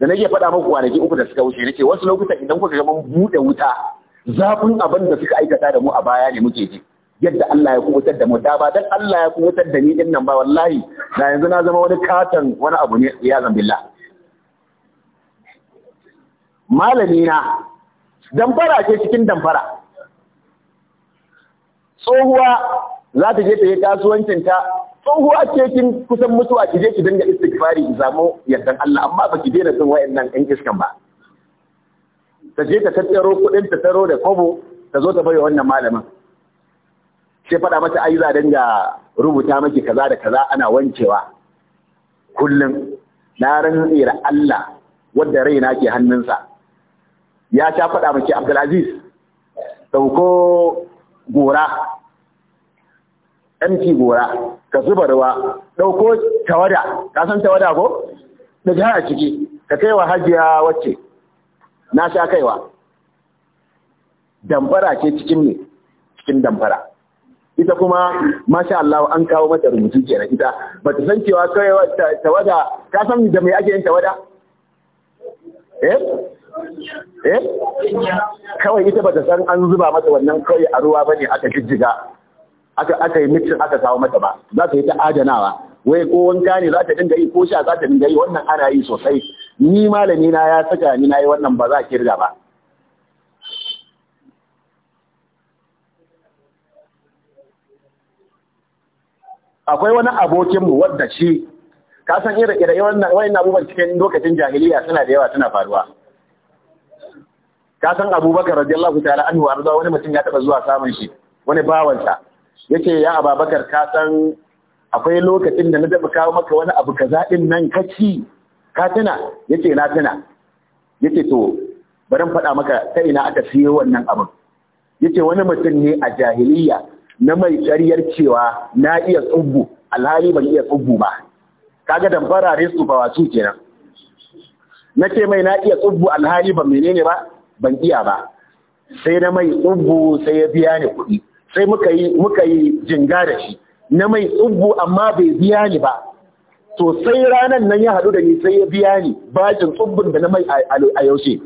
da nake faɗa muku kwanaki uku da suka wuce nake wasu lokuta idan kuka ga mun buɗe wuta zafin abin da suka aikata da mu a baya ne muke ji yadda Allah ya kubutar da mu da ba dan Allah ya kubutar da ni din nan ba wallahi da yanzu na zama wani katon wani abu ne ya zan billah malami na damfara ce cikin damfara tsohuwa za ta je ta yi kasuwancinta tsohuwa ce kin kusan mutuwa ki je ki dinga istighfari ki samu yardan Allah amma ba ki daina son wayannan ɗan iskan ba ta je ta tattaro kuɗin ta taro da kwabo ta zo ta bai wannan malamin sai faɗa mata ayi za danga rubuta miki kaza da kaza ana wankewa kullum na rantsi Allah wadda raina ke hannunsa ya ta faɗa miki Abdulaziz dauko gora MT gora ka zuba ruwa dauko tawada ka san tawada ko da jihar ciki ka kaiwa hajiya wacce na sha kaiwa damfara ce cikin ne cikin damfara ita kuma masha Allah an kawo mata rubutu kenan ita ba ta san cewa tawada ka san da mai ake yin tawada eh eh kawai ita ba ta san an zuba mata wannan kai a ruwa bane aka jijjiga aka aka yi mixin aka kawo mata ba za ta yi ta adanawa wai ko wanka ne za ta dinga yi ko sha za ta dinga yi wannan ana yi sosai ni malami na ya saka ni nayi wannan ba za ki kirga ba akwai wani abokinmu wadda shi ka san irin irin wannan abubuwan cikin lokacin jahiliya suna da yawa suna faruwa ka san abubakar radiyallahu ta'ala anhu arda wani mutum ya taba zuwa samun shi wani bawansa ce ya ababakar ka san akwai lokacin da na taba kawo maka wani abu kaza zaɗin nan ka ci ka tuna ce na tuna ce to bari faɗa maka ta ina aka siyo wannan abin yace wani mutum ne a jahiliya na mai karyar cewa na iya tsubbu alhali ban iya tsubbu ba kaga damfara ne su bawa su kenan na ce mai na iya tsubbu alhali ban menene ba ban iya ba sai na mai tsubbu sai ya biya ni kuɗi sai muka yi muka yi jinga da shi na mai tsubu amma bai biya ni ba to sai ranan nan ya haɗu da ni sai ya biya ni bakin tsubbun da na mai a yaushe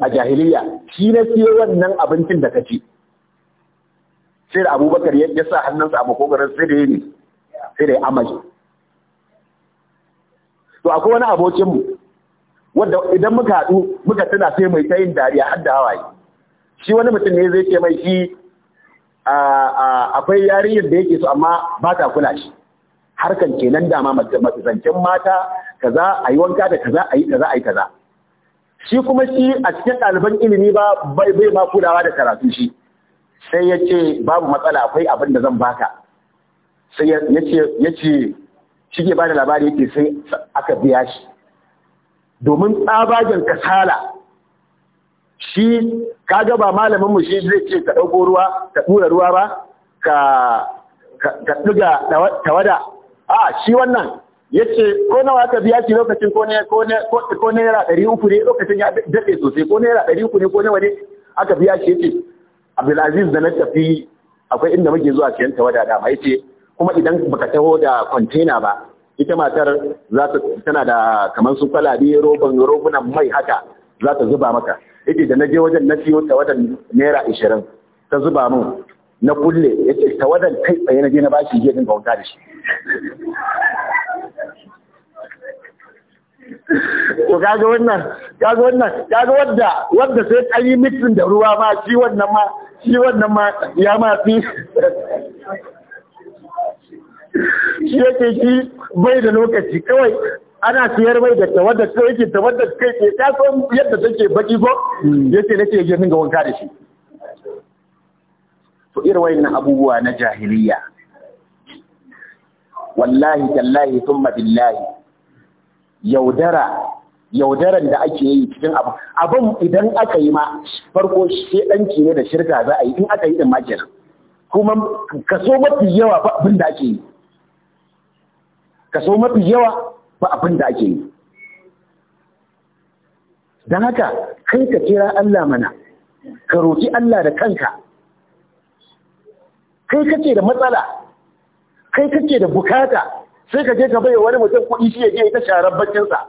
a jahiliya shi na siyo wannan abincin da ka ci sai da abubakar ya sa hannunsa a makogarar sai da yi ne sai da ya to akwai wani abokinmu wadda idan muka haɗu muka tana sai mai tayin dariya har da hawaye shi wani mutum ne zai ce mai shi akwai yarinyar da yake so amma ba ta kula shi harkan kenan dama matsancin mata kaza a yi wanka da kaza a yi kaza a kaza shi kuma shi a cikin ɗaliban ilimi ba bai ma kulawa da karatu shi sai ya ce babu matsala akwai abin da zan baka sai ya ce shi ke ba da labari yake sai aka biya shi domin tsabagen kasala shi kaga ba malamin shi zai ce ka ɗauko ruwa ka ɗura ruwa ba ka ɗiga tawada a shi wannan ya ce ko nawa aka biya shi lokacin ko naira ɗari uku ne lokacin ya daɗe sosai ko naira ɗari uku ne ko nawa ne aka biya shi ya ce Abdulaziz da na tafi akwai inda muke zuwa siyan tawada da mai ce kuma idan baka taho da kwantena ba ita matar za ta tana da kamar su kwalabe roban robunan mai haka za ta zuba maka ita da na je wajen na siyo tawadan naira ashirin ta zuba min na kulle yace tawadan kai tsaye na je na bashi je din bauta da shi to kaga wannan kaga wannan kaga wadda wadda sai an yi mitin da ruwa ma shi wannan ma shi wannan ma ya ma fi shi yake shi bai da lokaci kawai ana siyar mai da tawadda sai yake tawadda kai ke ta san yadda take baki ko hmm. yace nake yake ga wanka da shi to irin wayannan abubuwa na jahiliya wallahi tallahi thumma billahi yaudara yaudaran da ake yi cikin abu abin idan aka yi ma farko dan ne da shirka za a yi in aka yi din ma kenan kuma kaso mafi yawa ba abin da ake yi kaso mafi yawa ba abin da ake yi dan haka kai ka kira Allah mana ka roki Allah da kanka kai kake da matsala kai kake da bukata sai ka je ka bai wani mutum kuɗi shi ya je ta sharar bakinsa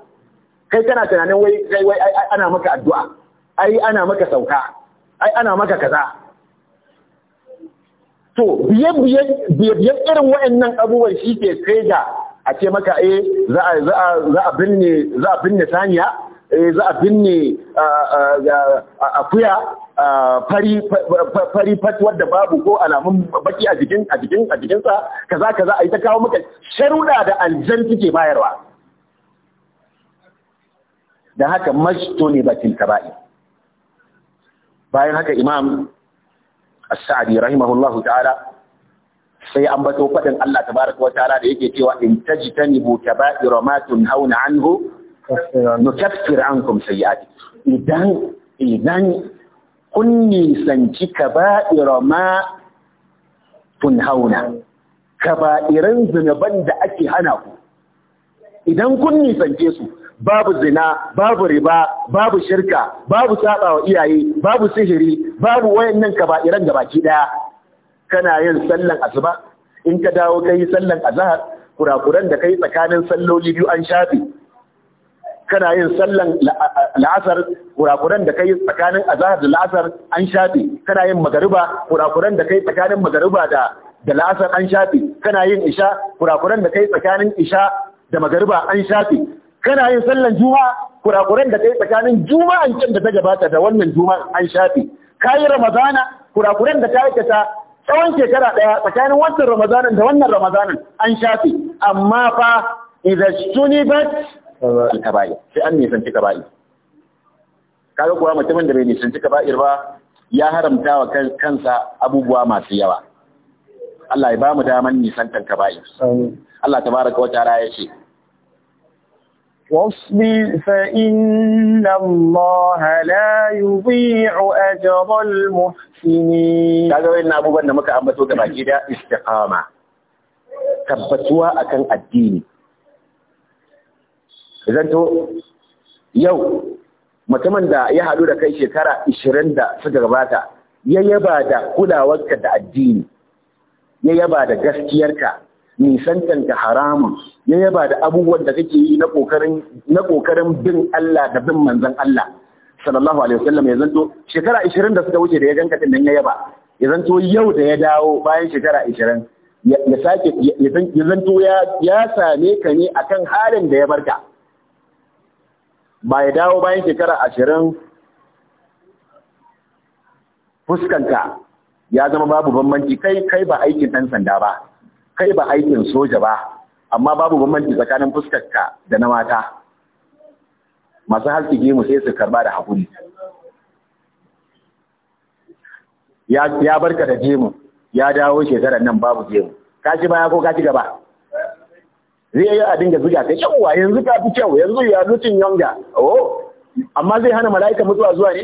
kai kana tunanin wai kai wai ana maka addu'a ai ana maka sauka ai ana maka kaza to biye biye biye biye irin waɗannan abubuwan shi ke kai ga a ce maka eh za a za a za a binne za a binne saniya eh za a binne akuya fari fari fatwar wadda babu ko alamun baki a jikin a jikin a jikin sa kaza kaza ai ta kawo maka sharuda da aljan take bayarwa da haka mashto ne bakin tabai bayan haka imam as-sa'di rahimahullahu ta'ala sai an bato fadin Allah tabaraka wa ta'ala da yake cewa in bu kaba'ira ramatun hauna anhu nukaffir ankum sayyi'atikum idan idan kun nisanci kaba'ira ma ba kaba'iran zinaban da ake hana ku idan kun nisanci su babu zina babu riba babu shirka babu saba iyaye babu sihiri babu wayan wayannan kaba'iran da baki daya kana yin sallan asuba in ka dawo kai sallan azhar kurakuran da kai tsakanin salloli biyu an shafe kana yin sallan la'asar kurakuran da kai tsakanin azahar da la'asar an shafe kana yin magariba kurakuran da kai tsakanin magariba da da la'asar an shafe kana yin isha kurakuran da kai tsakanin isha da magariba an shafe kana yin sallan juma'a kurakuran da kai tsakanin juma'an can da ta gabata da wannan juma'an an shafe kayi ramadana kurakuran da ka aikata tsawon shekara daya tsakanin wannan ramadanan da wannan ramadanan an shafe amma fa idza sunibat sai an nisanci kuwa mutumin da bai nisanci kaba'ir ba ya haramta wa kansa abubuwa masu yawa Allah ya ba mu daman ka bai. Allah tabaraka wa ta'ala ya ce inna Allah la لا ajra al المحسنين kaga wannan abubuwan da muka ambato baki gida istiqama tabbatuwa akan addini idan to yau mutumin da ya haɗu da kai shekara ishirin da suka gabata ya yaba da kulawarka da addini ya yaba da gaskiyarka nisantan da haramun ya yaba da abubuwan da kake yi na ƙoƙarin bin Allah da bin manzon Allah sallallahu alaihi wasallam ya zanto shekara ishirin da suka wuce da ya ganka din nan ya yaba ya zanto yau da ya dawo bayan shekara ishirin ya sake ya zanto ya same ka ne akan halin da ya barka ba ya dawo bayan shekara ashirin fuskanta ya zama babu bambanci kai kai ba aikin ɗan sanda ba kai ba aikin soja ba amma babu bambanci tsakanin fuskarka da na mata masu haltige mu sai su karba da haƙuri ya barka da jemu ya dawo shekarar nan babu jemu ka ci baya ko ka ci gaba zai yi a dinga zuga ka yawwa yanzu ta fi kyau yanzu ya lutin yonga oh amma zai hana mala'ika mutuwa zuwa ne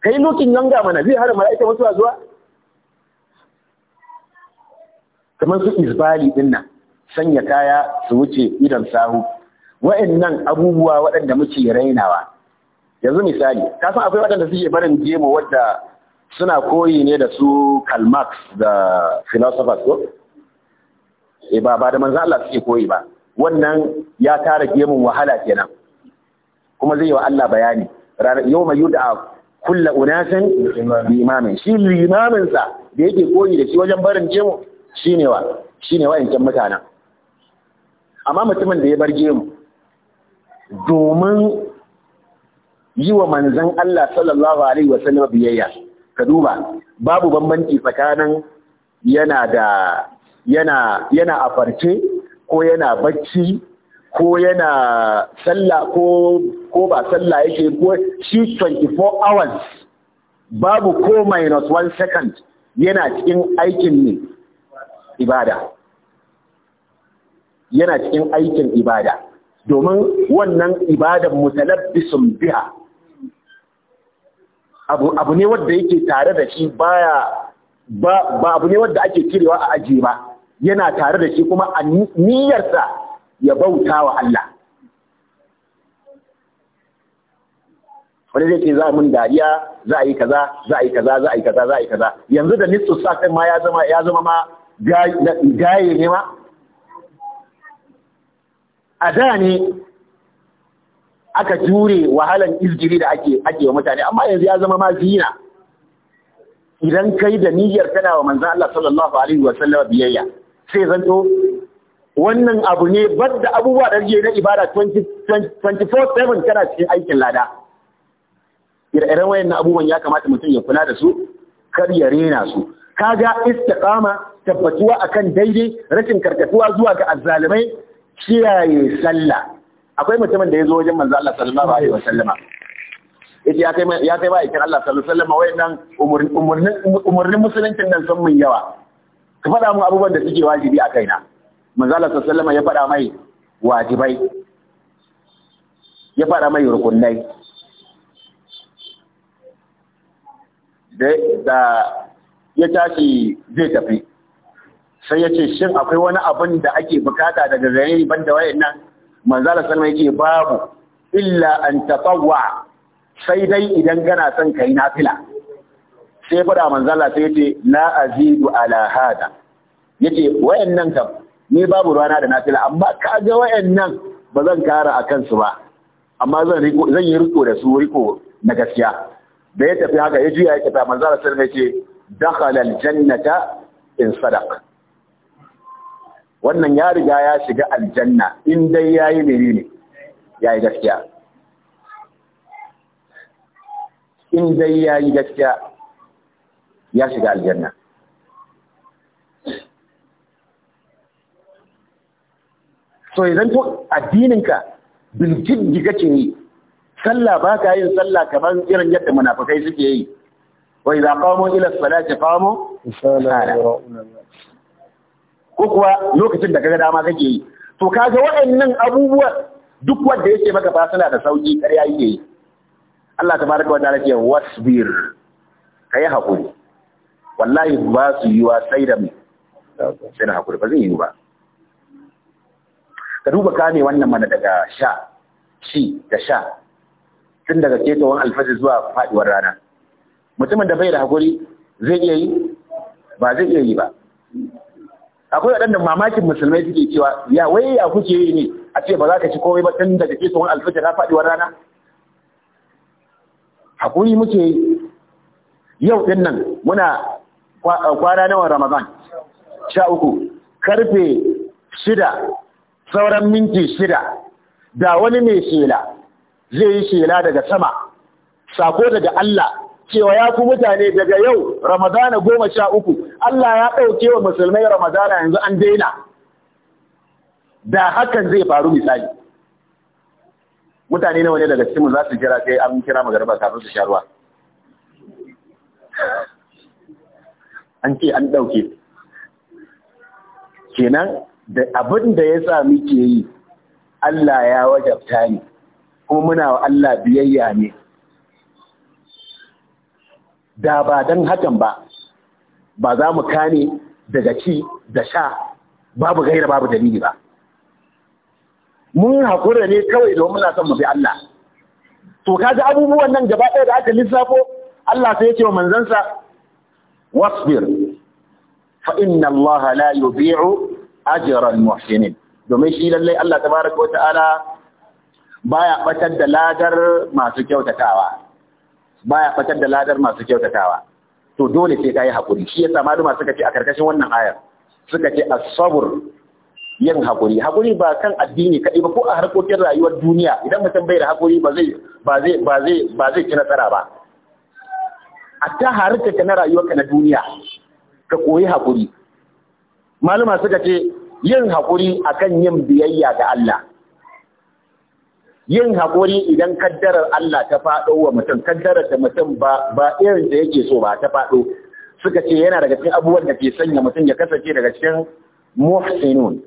kai lokin yonga mana zai hana mala'ika mutuwa zuwa kamar su isbali din nan sanya kaya su wuce idan sahu wa'annan abubuwa waɗanda muke rainawa yanzu misali ka san akwai waɗanda suke barin gemu wadda suna koyi ne da su kalmax da philosophers ko E ba ba da manzan Allah suke koyi ba wannan ya tara gemun wahala kenan kuma zai yi wa Allah bayani yau mai yuda kulla unasin limamin shi limamin sa da yake koyi da shi wajen barin gemu shine wa Shi shine wayancan mutanen amma mutumin da ya bar gemu domin yi wa manzan Allah sallallahu alaihi wasallam biyayya ka duba babu bambanci tsakanin yana da yana a farce ko yana bacci ko yana sallah ko ba sallah yake ko shi 24 hours babu ko minus 1 second yana cikin aikin ne ibada yana cikin aikin ibada domin wannan ibadan mutalabbisun biha abu abu ne wanda yake tare da shi baya ba abu ne wanda ake kirewa a aji ba yana tare da shi kuma a niyyarsa ya bauta wa Allah wani zai ce za mun dariya za a yi kaza za a yi kaza za a yi kaza za a yi kaza yanzu da nisus sa ma ya zama ya zama ma gaye ne ma a da ne aka jure wahalan izgiri da ake ake wa mutane amma yanzu ya zama ma zina idan kai da niyyar kana wa manzo Allah sallallahu alaihi wa sallam biyayya sai zanto wannan abu ne da abubuwa da rage na ibada 24/7 kana cikin aikin lada ire-iren wayannan abubuwan ya kamata mutum ya kula da su kar ya rena su kaga istiqama tabbatuwa a kan daidai rashin karkatuwa zuwa ga azzalumai kiyaye sallah akwai mutumin da ya zo wajen manzo Allah sallallahu alaihi wa sallama yace ya kai ya kai ba ikin Allah sallallahu alaihi wasallam wayannan umurnin umurnin musuluncin nan sun mun yawa ka faɗa mu abubuwan da suke wajibi a kaina manzo Allah sallallahu ya faɗa mai wajibai ya faɗa mai rukunai da ya tashi zai tafi sai ya ce shin akwai wani abin da ake bukata daga gare ni banda wayannan manzo Allah sallallahu alaihi wasallam yake babu illa an tatawwa sai dai idan kana son ka yi nafila sai faɗa manzala sai ce na azidu ala hada yace wayannan kam ni babu ruwana da nafila amma ka ga wayannan ba zan kara a kansu ba amma zan riko zan yi riko da su riko na gaskiya da ya tafi haka ya juya ya tafi manzala sai ya ce dakhala aljannata in sadaq wannan ya riga ya shiga aljanna in dai yayi menene yayi gaskiya in dai ya yi gaskiya ya shiga aljanna so idan to addininka bincin diga ce yi sallah ba ka yin sallah kamar irin yadda manafakai suke yi wa idza qamu ila salati famo. ko kuwa lokacin da ga dama kake yi to kaga waɗannan abubuwa duk wanda yake maka fasala da sauki ƙarya yake yi Allah tabaraka wa wasu ce wasbir yi hakuri wallahi ba su yi wa sai da sai da hakuri ba zai yi ba ka duba kame wannan mana daga sha ci da sha tun daga ketowar alfajir zuwa faɗuwar rana mutumin da bai da hakuri zai iya yi ba zai iya yi ba akwai waɗanda mamakin musulmai suke cewa ya wai ya kuke yi ne a ce ba za ka ci kowai ba tun daga ketowar alfajir na faɗiwar rana haƙuri muke yau ɗin nan muna eh, kwana nawa Ramadan, sha uku, karfe shida, sauran minti shida, da wani mai shela zai yi shela daga sama, sako daga Allah, cewa ya ku mutane daga yau Ramadana goma sha uku, Allah ya ɗauke wa musulmai Ramadana yanzu an daina, da hakan zai faru misali. mutane nawa ne daga cikinmu za su jira sai an kira magarba kafin su sha ruwa an ce an ɗauke kenan da abin da ya sa muke yi Allah ya wajabta ni, kuma muna wa Allah biyayya ne da ba dan hakan ba ba za mu kane daga ci da sha babu gaira babu dalili ba mun haƙura ne kawai da muna son mu bi Allah to kaji abubuwan nan gaba ɗaya da aka lissafo Allah sai ya ce wa manzansa wasbir fa inna Allah la biyu ajra al-muhsinin domin shi lallai Allah bari ko ta'ala ya batar da ladar masu kyautatawa Ba ya batar da ladar masu kyautatawa to dole sai ka yi hakuri shi yasa maluma suka ce a karkashin wannan ayar suka ce as sabur yin hakuri hakuri ba kan addini kaɗai ba ko a harkokin rayuwar duniya idan mutum bai da hakuri ba zai ba zai ba zai ba zai ci nasara ba a ta harkar ka na ka na duniya ka koyi hakuri malama suka ce yin hakuri akan yin biyayya ga Allah yin hakuri idan kaddarar Allah ta faɗo wa mutum kaddarar da mutum ba ba irin da yake so ba ta faɗo suka ce yana daga cikin abubuwan da ke sanya mutum ya kasance daga cikin muhsinun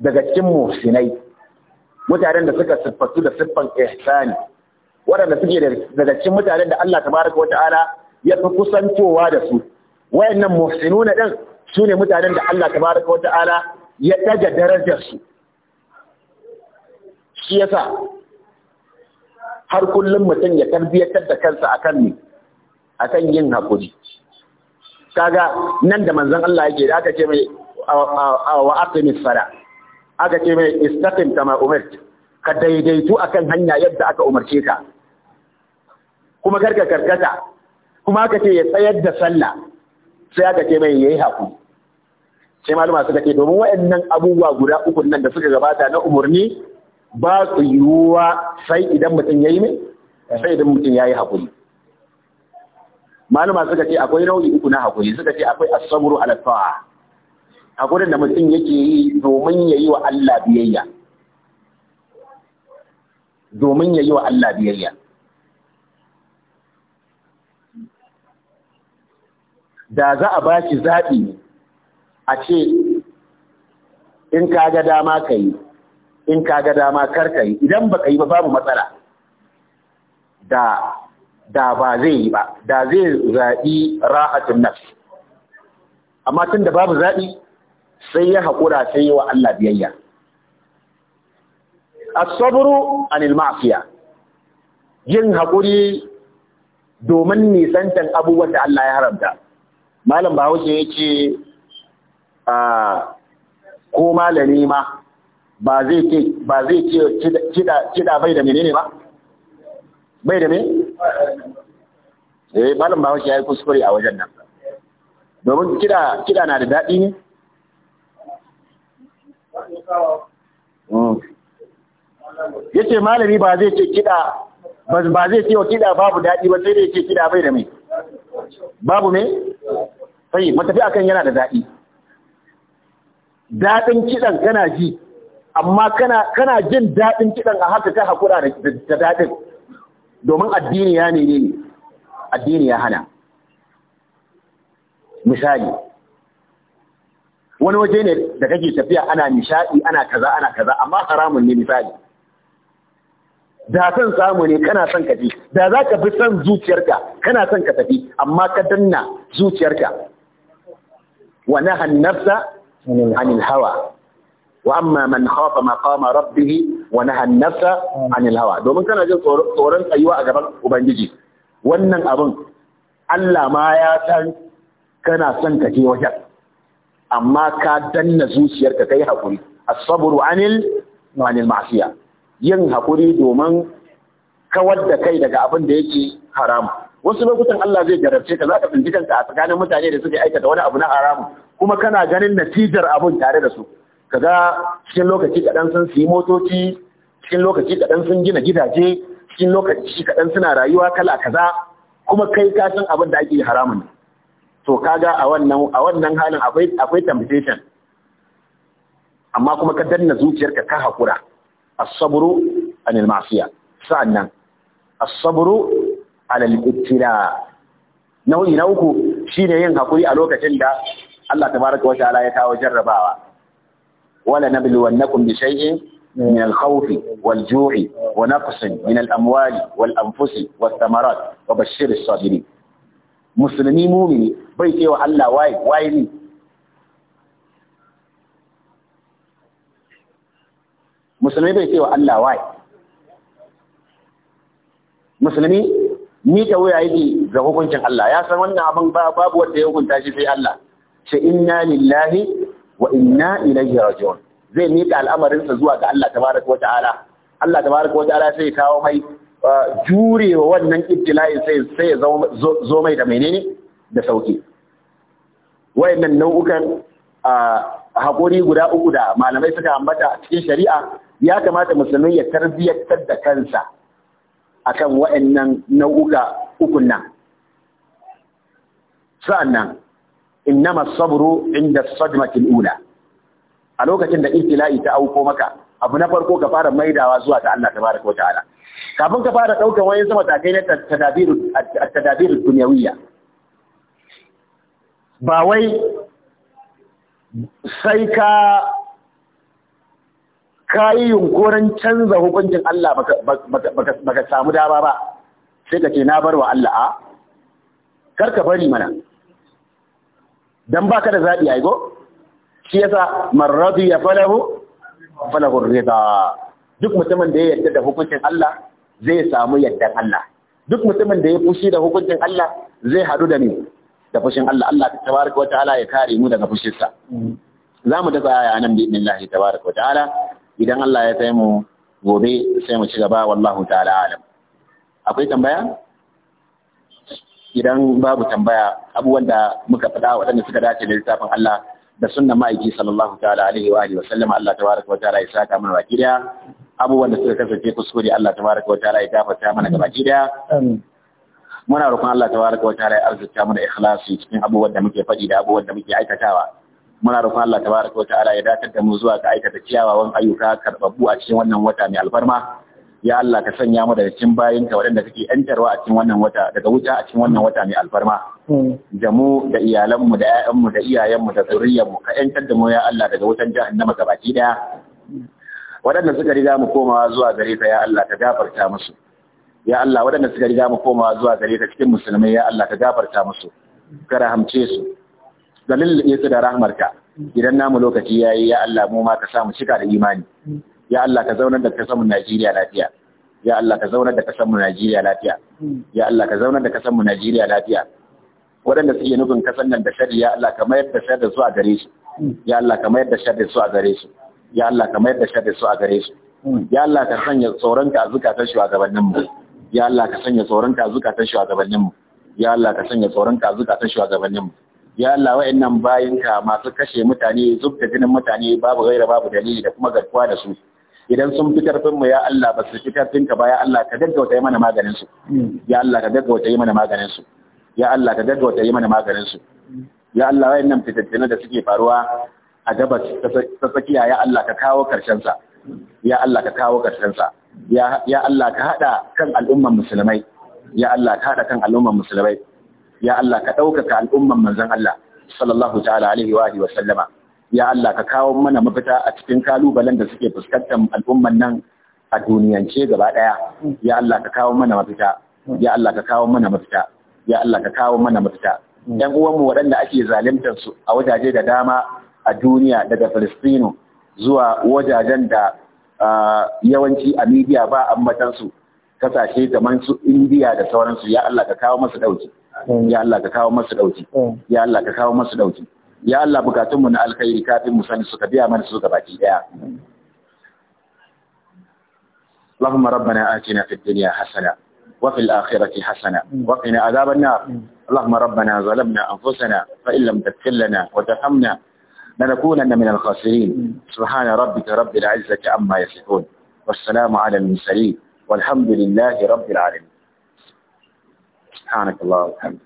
daga cikin musinai, mutanen da suka siffatu da siffan ihsani waɗanda suke daga cikin mutanen da Allah tabaraka wa ta'ala ya fi kusantowa da su wayannan musinuna din sune mutanen da Allah tabaraka wa ta'ala ya daga darajar su shi yasa har kullum mutum ya tarbiyatar da kansa akan ne akan yin hakuri kaga nan da manzon Allah yake da aka ce mai wa aqimis salat aka ce mai istakin ta ma'umar ka daidaitu a kan hanya yadda aka umarce ka kuma karka karkata kuma aka ce ya tsayar da sallah sai aka ce mai yi hakuri sai malama suka ce domin waɗannan abubuwa guda uku nan da suka gabata na umarni ba su yiwuwa sai idan mutum ya yi mai sai idan mutum ya yi hakuri malama suka ce akwai nau'i uku na hakuri suka ce akwai as ala ta'a a gudun da mutum yake yi domin ya yi wa Allah biyayya domin ya yi wa Allah biyayya da za a ba shi zaɓi a ce in ka ga dama ka yi in ka ga dama kar ka yi idan ba ka yi ba babu matsala da da ba zai yi ba da zai zaɓi ra'atun nafs amma tun da babu zaɓi sai ya haƙura sai yi wa Allah biyayya as an anil ma'siya yin haƙuri domin nisantan abubuwan da Allah ya haramta malam bahaushe ya a ko malami ma ba zai ce kiɗa kida bai da menene ba bai da me eh malam bahaushe yi kuskure a wajen nan domin kiɗa kida na da daɗi ne ya ce malami ba zai ce kiɗa ba zai ce wa kiɗa babu daɗi ba sai dai ce kiɗa bai da mai babu mai sai matafi akan yana da daɗi daɗin kiɗan kana ji amma kana jin daɗin kiɗan a haka ta haƙura da daɗin domin addini ya ne ne addini ya hana misali wani waje ne da kake tafiya ana nishaɗi ana kaza ana kaza amma haramun ne misali da son samu ne kana son ka je da za ka fi son zuciyarka kana son ka tafi amma ka danna zuciyarka wa nahan nafsa anil hawa wa amma man khafa maqama rabbih wa nahan nafsa anil hawa domin kana jin tsoron tsayuwa a gaban ubangiji wannan abun Allah ma ya san kana son ka je wajen amma ka danna zuciyarka kai hakuri as-sabru anil anil ma'siya yin hakuri domin kawar da kai daga abin da yake haramu wasu lokutan Allah zai jarabce ka zaka tsinci kanka a tsakanin mutane da suke aikata wani abu na haramu kuma kana ganin natijar abin tare da su kaga cikin lokaci kaɗan sun siyi motoci cikin lokaci kaɗan sun gina gidaje cikin lokaci kaɗan suna rayuwa kala kaza kuma kai ka san abin da ake haramun to kaga a wannan a wannan halin akwai akwai temptation amma kuma ka danna zuciyarka ka hakura as-sabru anil ma'siya sa'annan as-sabru ala al-ibtila nau'i na uku shine yin hakuri a lokacin da Allah tabaraka wa ta'ala ya kawo jarrabawa wala nabluwannakum bi shay'in من الخوف والجوع ونقص من الأموال والأنفس والثمرات وبشر الصابرين musulmi mumini bai ce wa Allah waye waye ni musulmi bai ce wa Allah waye musulmi ni ta wuya yake ga hukuncin Allah ya san wannan abin babu wanda ya hukunta shi sai Allah ce inna lillahi wa inna ilaihi raji'un zai miƙa sa zuwa ga Allah tabaraka wa ta'ala Allah tabaraka wa ta'ala sai kawo mai jurewa wannan ibtila'in sai sai ya zo mai da menene da sauki wayannan nau'ukan hakuri guda uku da malamai suka ambata a cikin shari'a ya kamata musulmi ya tarbiyyar da kansa akan wayannan nau'uka ukun nan sa'annan innama sabru inda sadmatil ula a lokacin da ibtila'i ta auko maka abu na farko ka fara maidawa zuwa ga Allah tabaraka wa ta'ala kafin ka fara ɗaukar wani zama matakai na tadabirin duniyawiya ba wai sai ka kayi yunkurin canza hukuncin Allah baka samu dama ba sai ka ce na bar wa Allah a karka bari mana don ba ka da zaɓi aigo shi yasa marrabi ya falahu falahun rida duk mutumin da ya yarda da hukuncin Allah zai samu yardar Allah duk mutumin da ya fushi da hukuncin Allah zai hadu da ni da fushin Allah Allah ta tabaraka wa ta'ala ya kare mu daga fushinsa za mu daga aya nan bi idnillahi tabaraka wa ta'ala idan Allah ya kai mu gobe sai mu ci gaba wallahu ta'ala alam akwai tambaya idan babu tambaya abubuwan da muka faɗa waɗanda suka dace da littafin Allah da sunnan ma'aiki sallallahu ta'ala alaihi wa alihi wa sallam Allah tabaraka wa ta'ala ya saka mana wakiliya. abubuwan da suka kasance kuskure Allah tabaraka wa ta'ala ya gafarta mana gabaki daya muna roƙon Allah tabaraka wa ta'ala ya arzuta mana ikhlasi cikin abubuwan da muke faɗi da abubuwan da muke aikatawa muna roƙon Allah tabaraka wa ta'ala ya dakatar da mu zuwa ga aikata ciyawawan ayyuka karbabbu a cikin wannan wata mai alfarma ya Allah ka sanya mu daga cikin bayinka waɗanda kake yantarwa a cikin wannan wata daga wuta a cikin wannan wata mai alfarma da mu da iyalanmu da 'ya'yanmu da iyayenmu da zuriyarmu ka yantar da mu ya Allah daga wutan jahannama gabaki daya waɗanda suka riga mu komawa zuwa gare ka ya Allah ka gafarta musu ya Allah waɗanda suka riga mu komawa zuwa gare ka cikin musulmai ya Allah ka gafarta musu ka rahamce su da lullube su da rahmarka idan namu lokaci yayi ya Allah mu ma ka samu cika da imani ya Allah ka zaunar da kasar mu Najeriya lafiya ya Allah ka zaunar da kasar mu Najeriya lafiya ya Allah ka zaunar da kasar mu Najeriya lafiya waɗanda suke nufin kasar nan da shari ya Allah ka mayar da shari su a gare su. ya Allah ka mayar da shari su a gare su. ya Allah ka mayar da su a gare su ya Allah ka sanya tsoron ka a gabanin mu ya Allah ka sanya tsoron ka a gabanin mu ya Allah ka sanya tsoron ka a gabanin mu ya Allah bayin ka masu kashe mutane zubta jinin mutane babu gaira babu dalili da kuma garkuwa da su idan sun fi karfin mu ya Allah ba su fi karfin ka ba ya Allah ka gaggauta yi mana maganin su ya Allah ka gaggauta yi mana maganin su ya Allah ka gaggauta yi mana maganin su ya Allah wayannan fitattuna da suke faruwa a gabas ta tsakiya ya Allah ka kawo karshensa ya Allah ka kawo karshensa ya Allah ka haɗa kan al'umman musulmai ya Allah ka haɗa kan al'umman musulmai ya Allah ka ɗaukaka al'umman manzon Allah sallallahu ta'ala alaihi wa sallama ya Allah ka kawo mana mafita a cikin kalubalen da suke fuskantar al'umman nan a duniyance gaba ɗaya ya Allah ka kawo mana mafita ya Allah ka kawo mana mafita ya Allah ka kawo mana mafita ɗan uwanmu waɗanda ake zaluntar su a wajaje da dama a duniya daga Filistino zuwa wajajen da yawanci a midiya ba ambatansu kasashe kamar su Indiya da sauransu ya Allah ka kawo masu dauki ya Allah ka kawo masu dauki ya Allah ka kawo masu dauki ya Allah bukatunmu na alkhairi kafin mu sani suka biya mana su gabaki daya اللهم ربنا آتنا في الدنيا حسنة وفي الآخرة حسنة وقنا عذاب النار اللهم ربنا ظلمنا أنفسنا فإن لم تغفر لنا وترحمنا لنكونن من الخاسرين سبحان ربك رب العزة عما يصفون والسلام على المرسلين والحمد لله رب العالمين سبحانك الله وبحمدك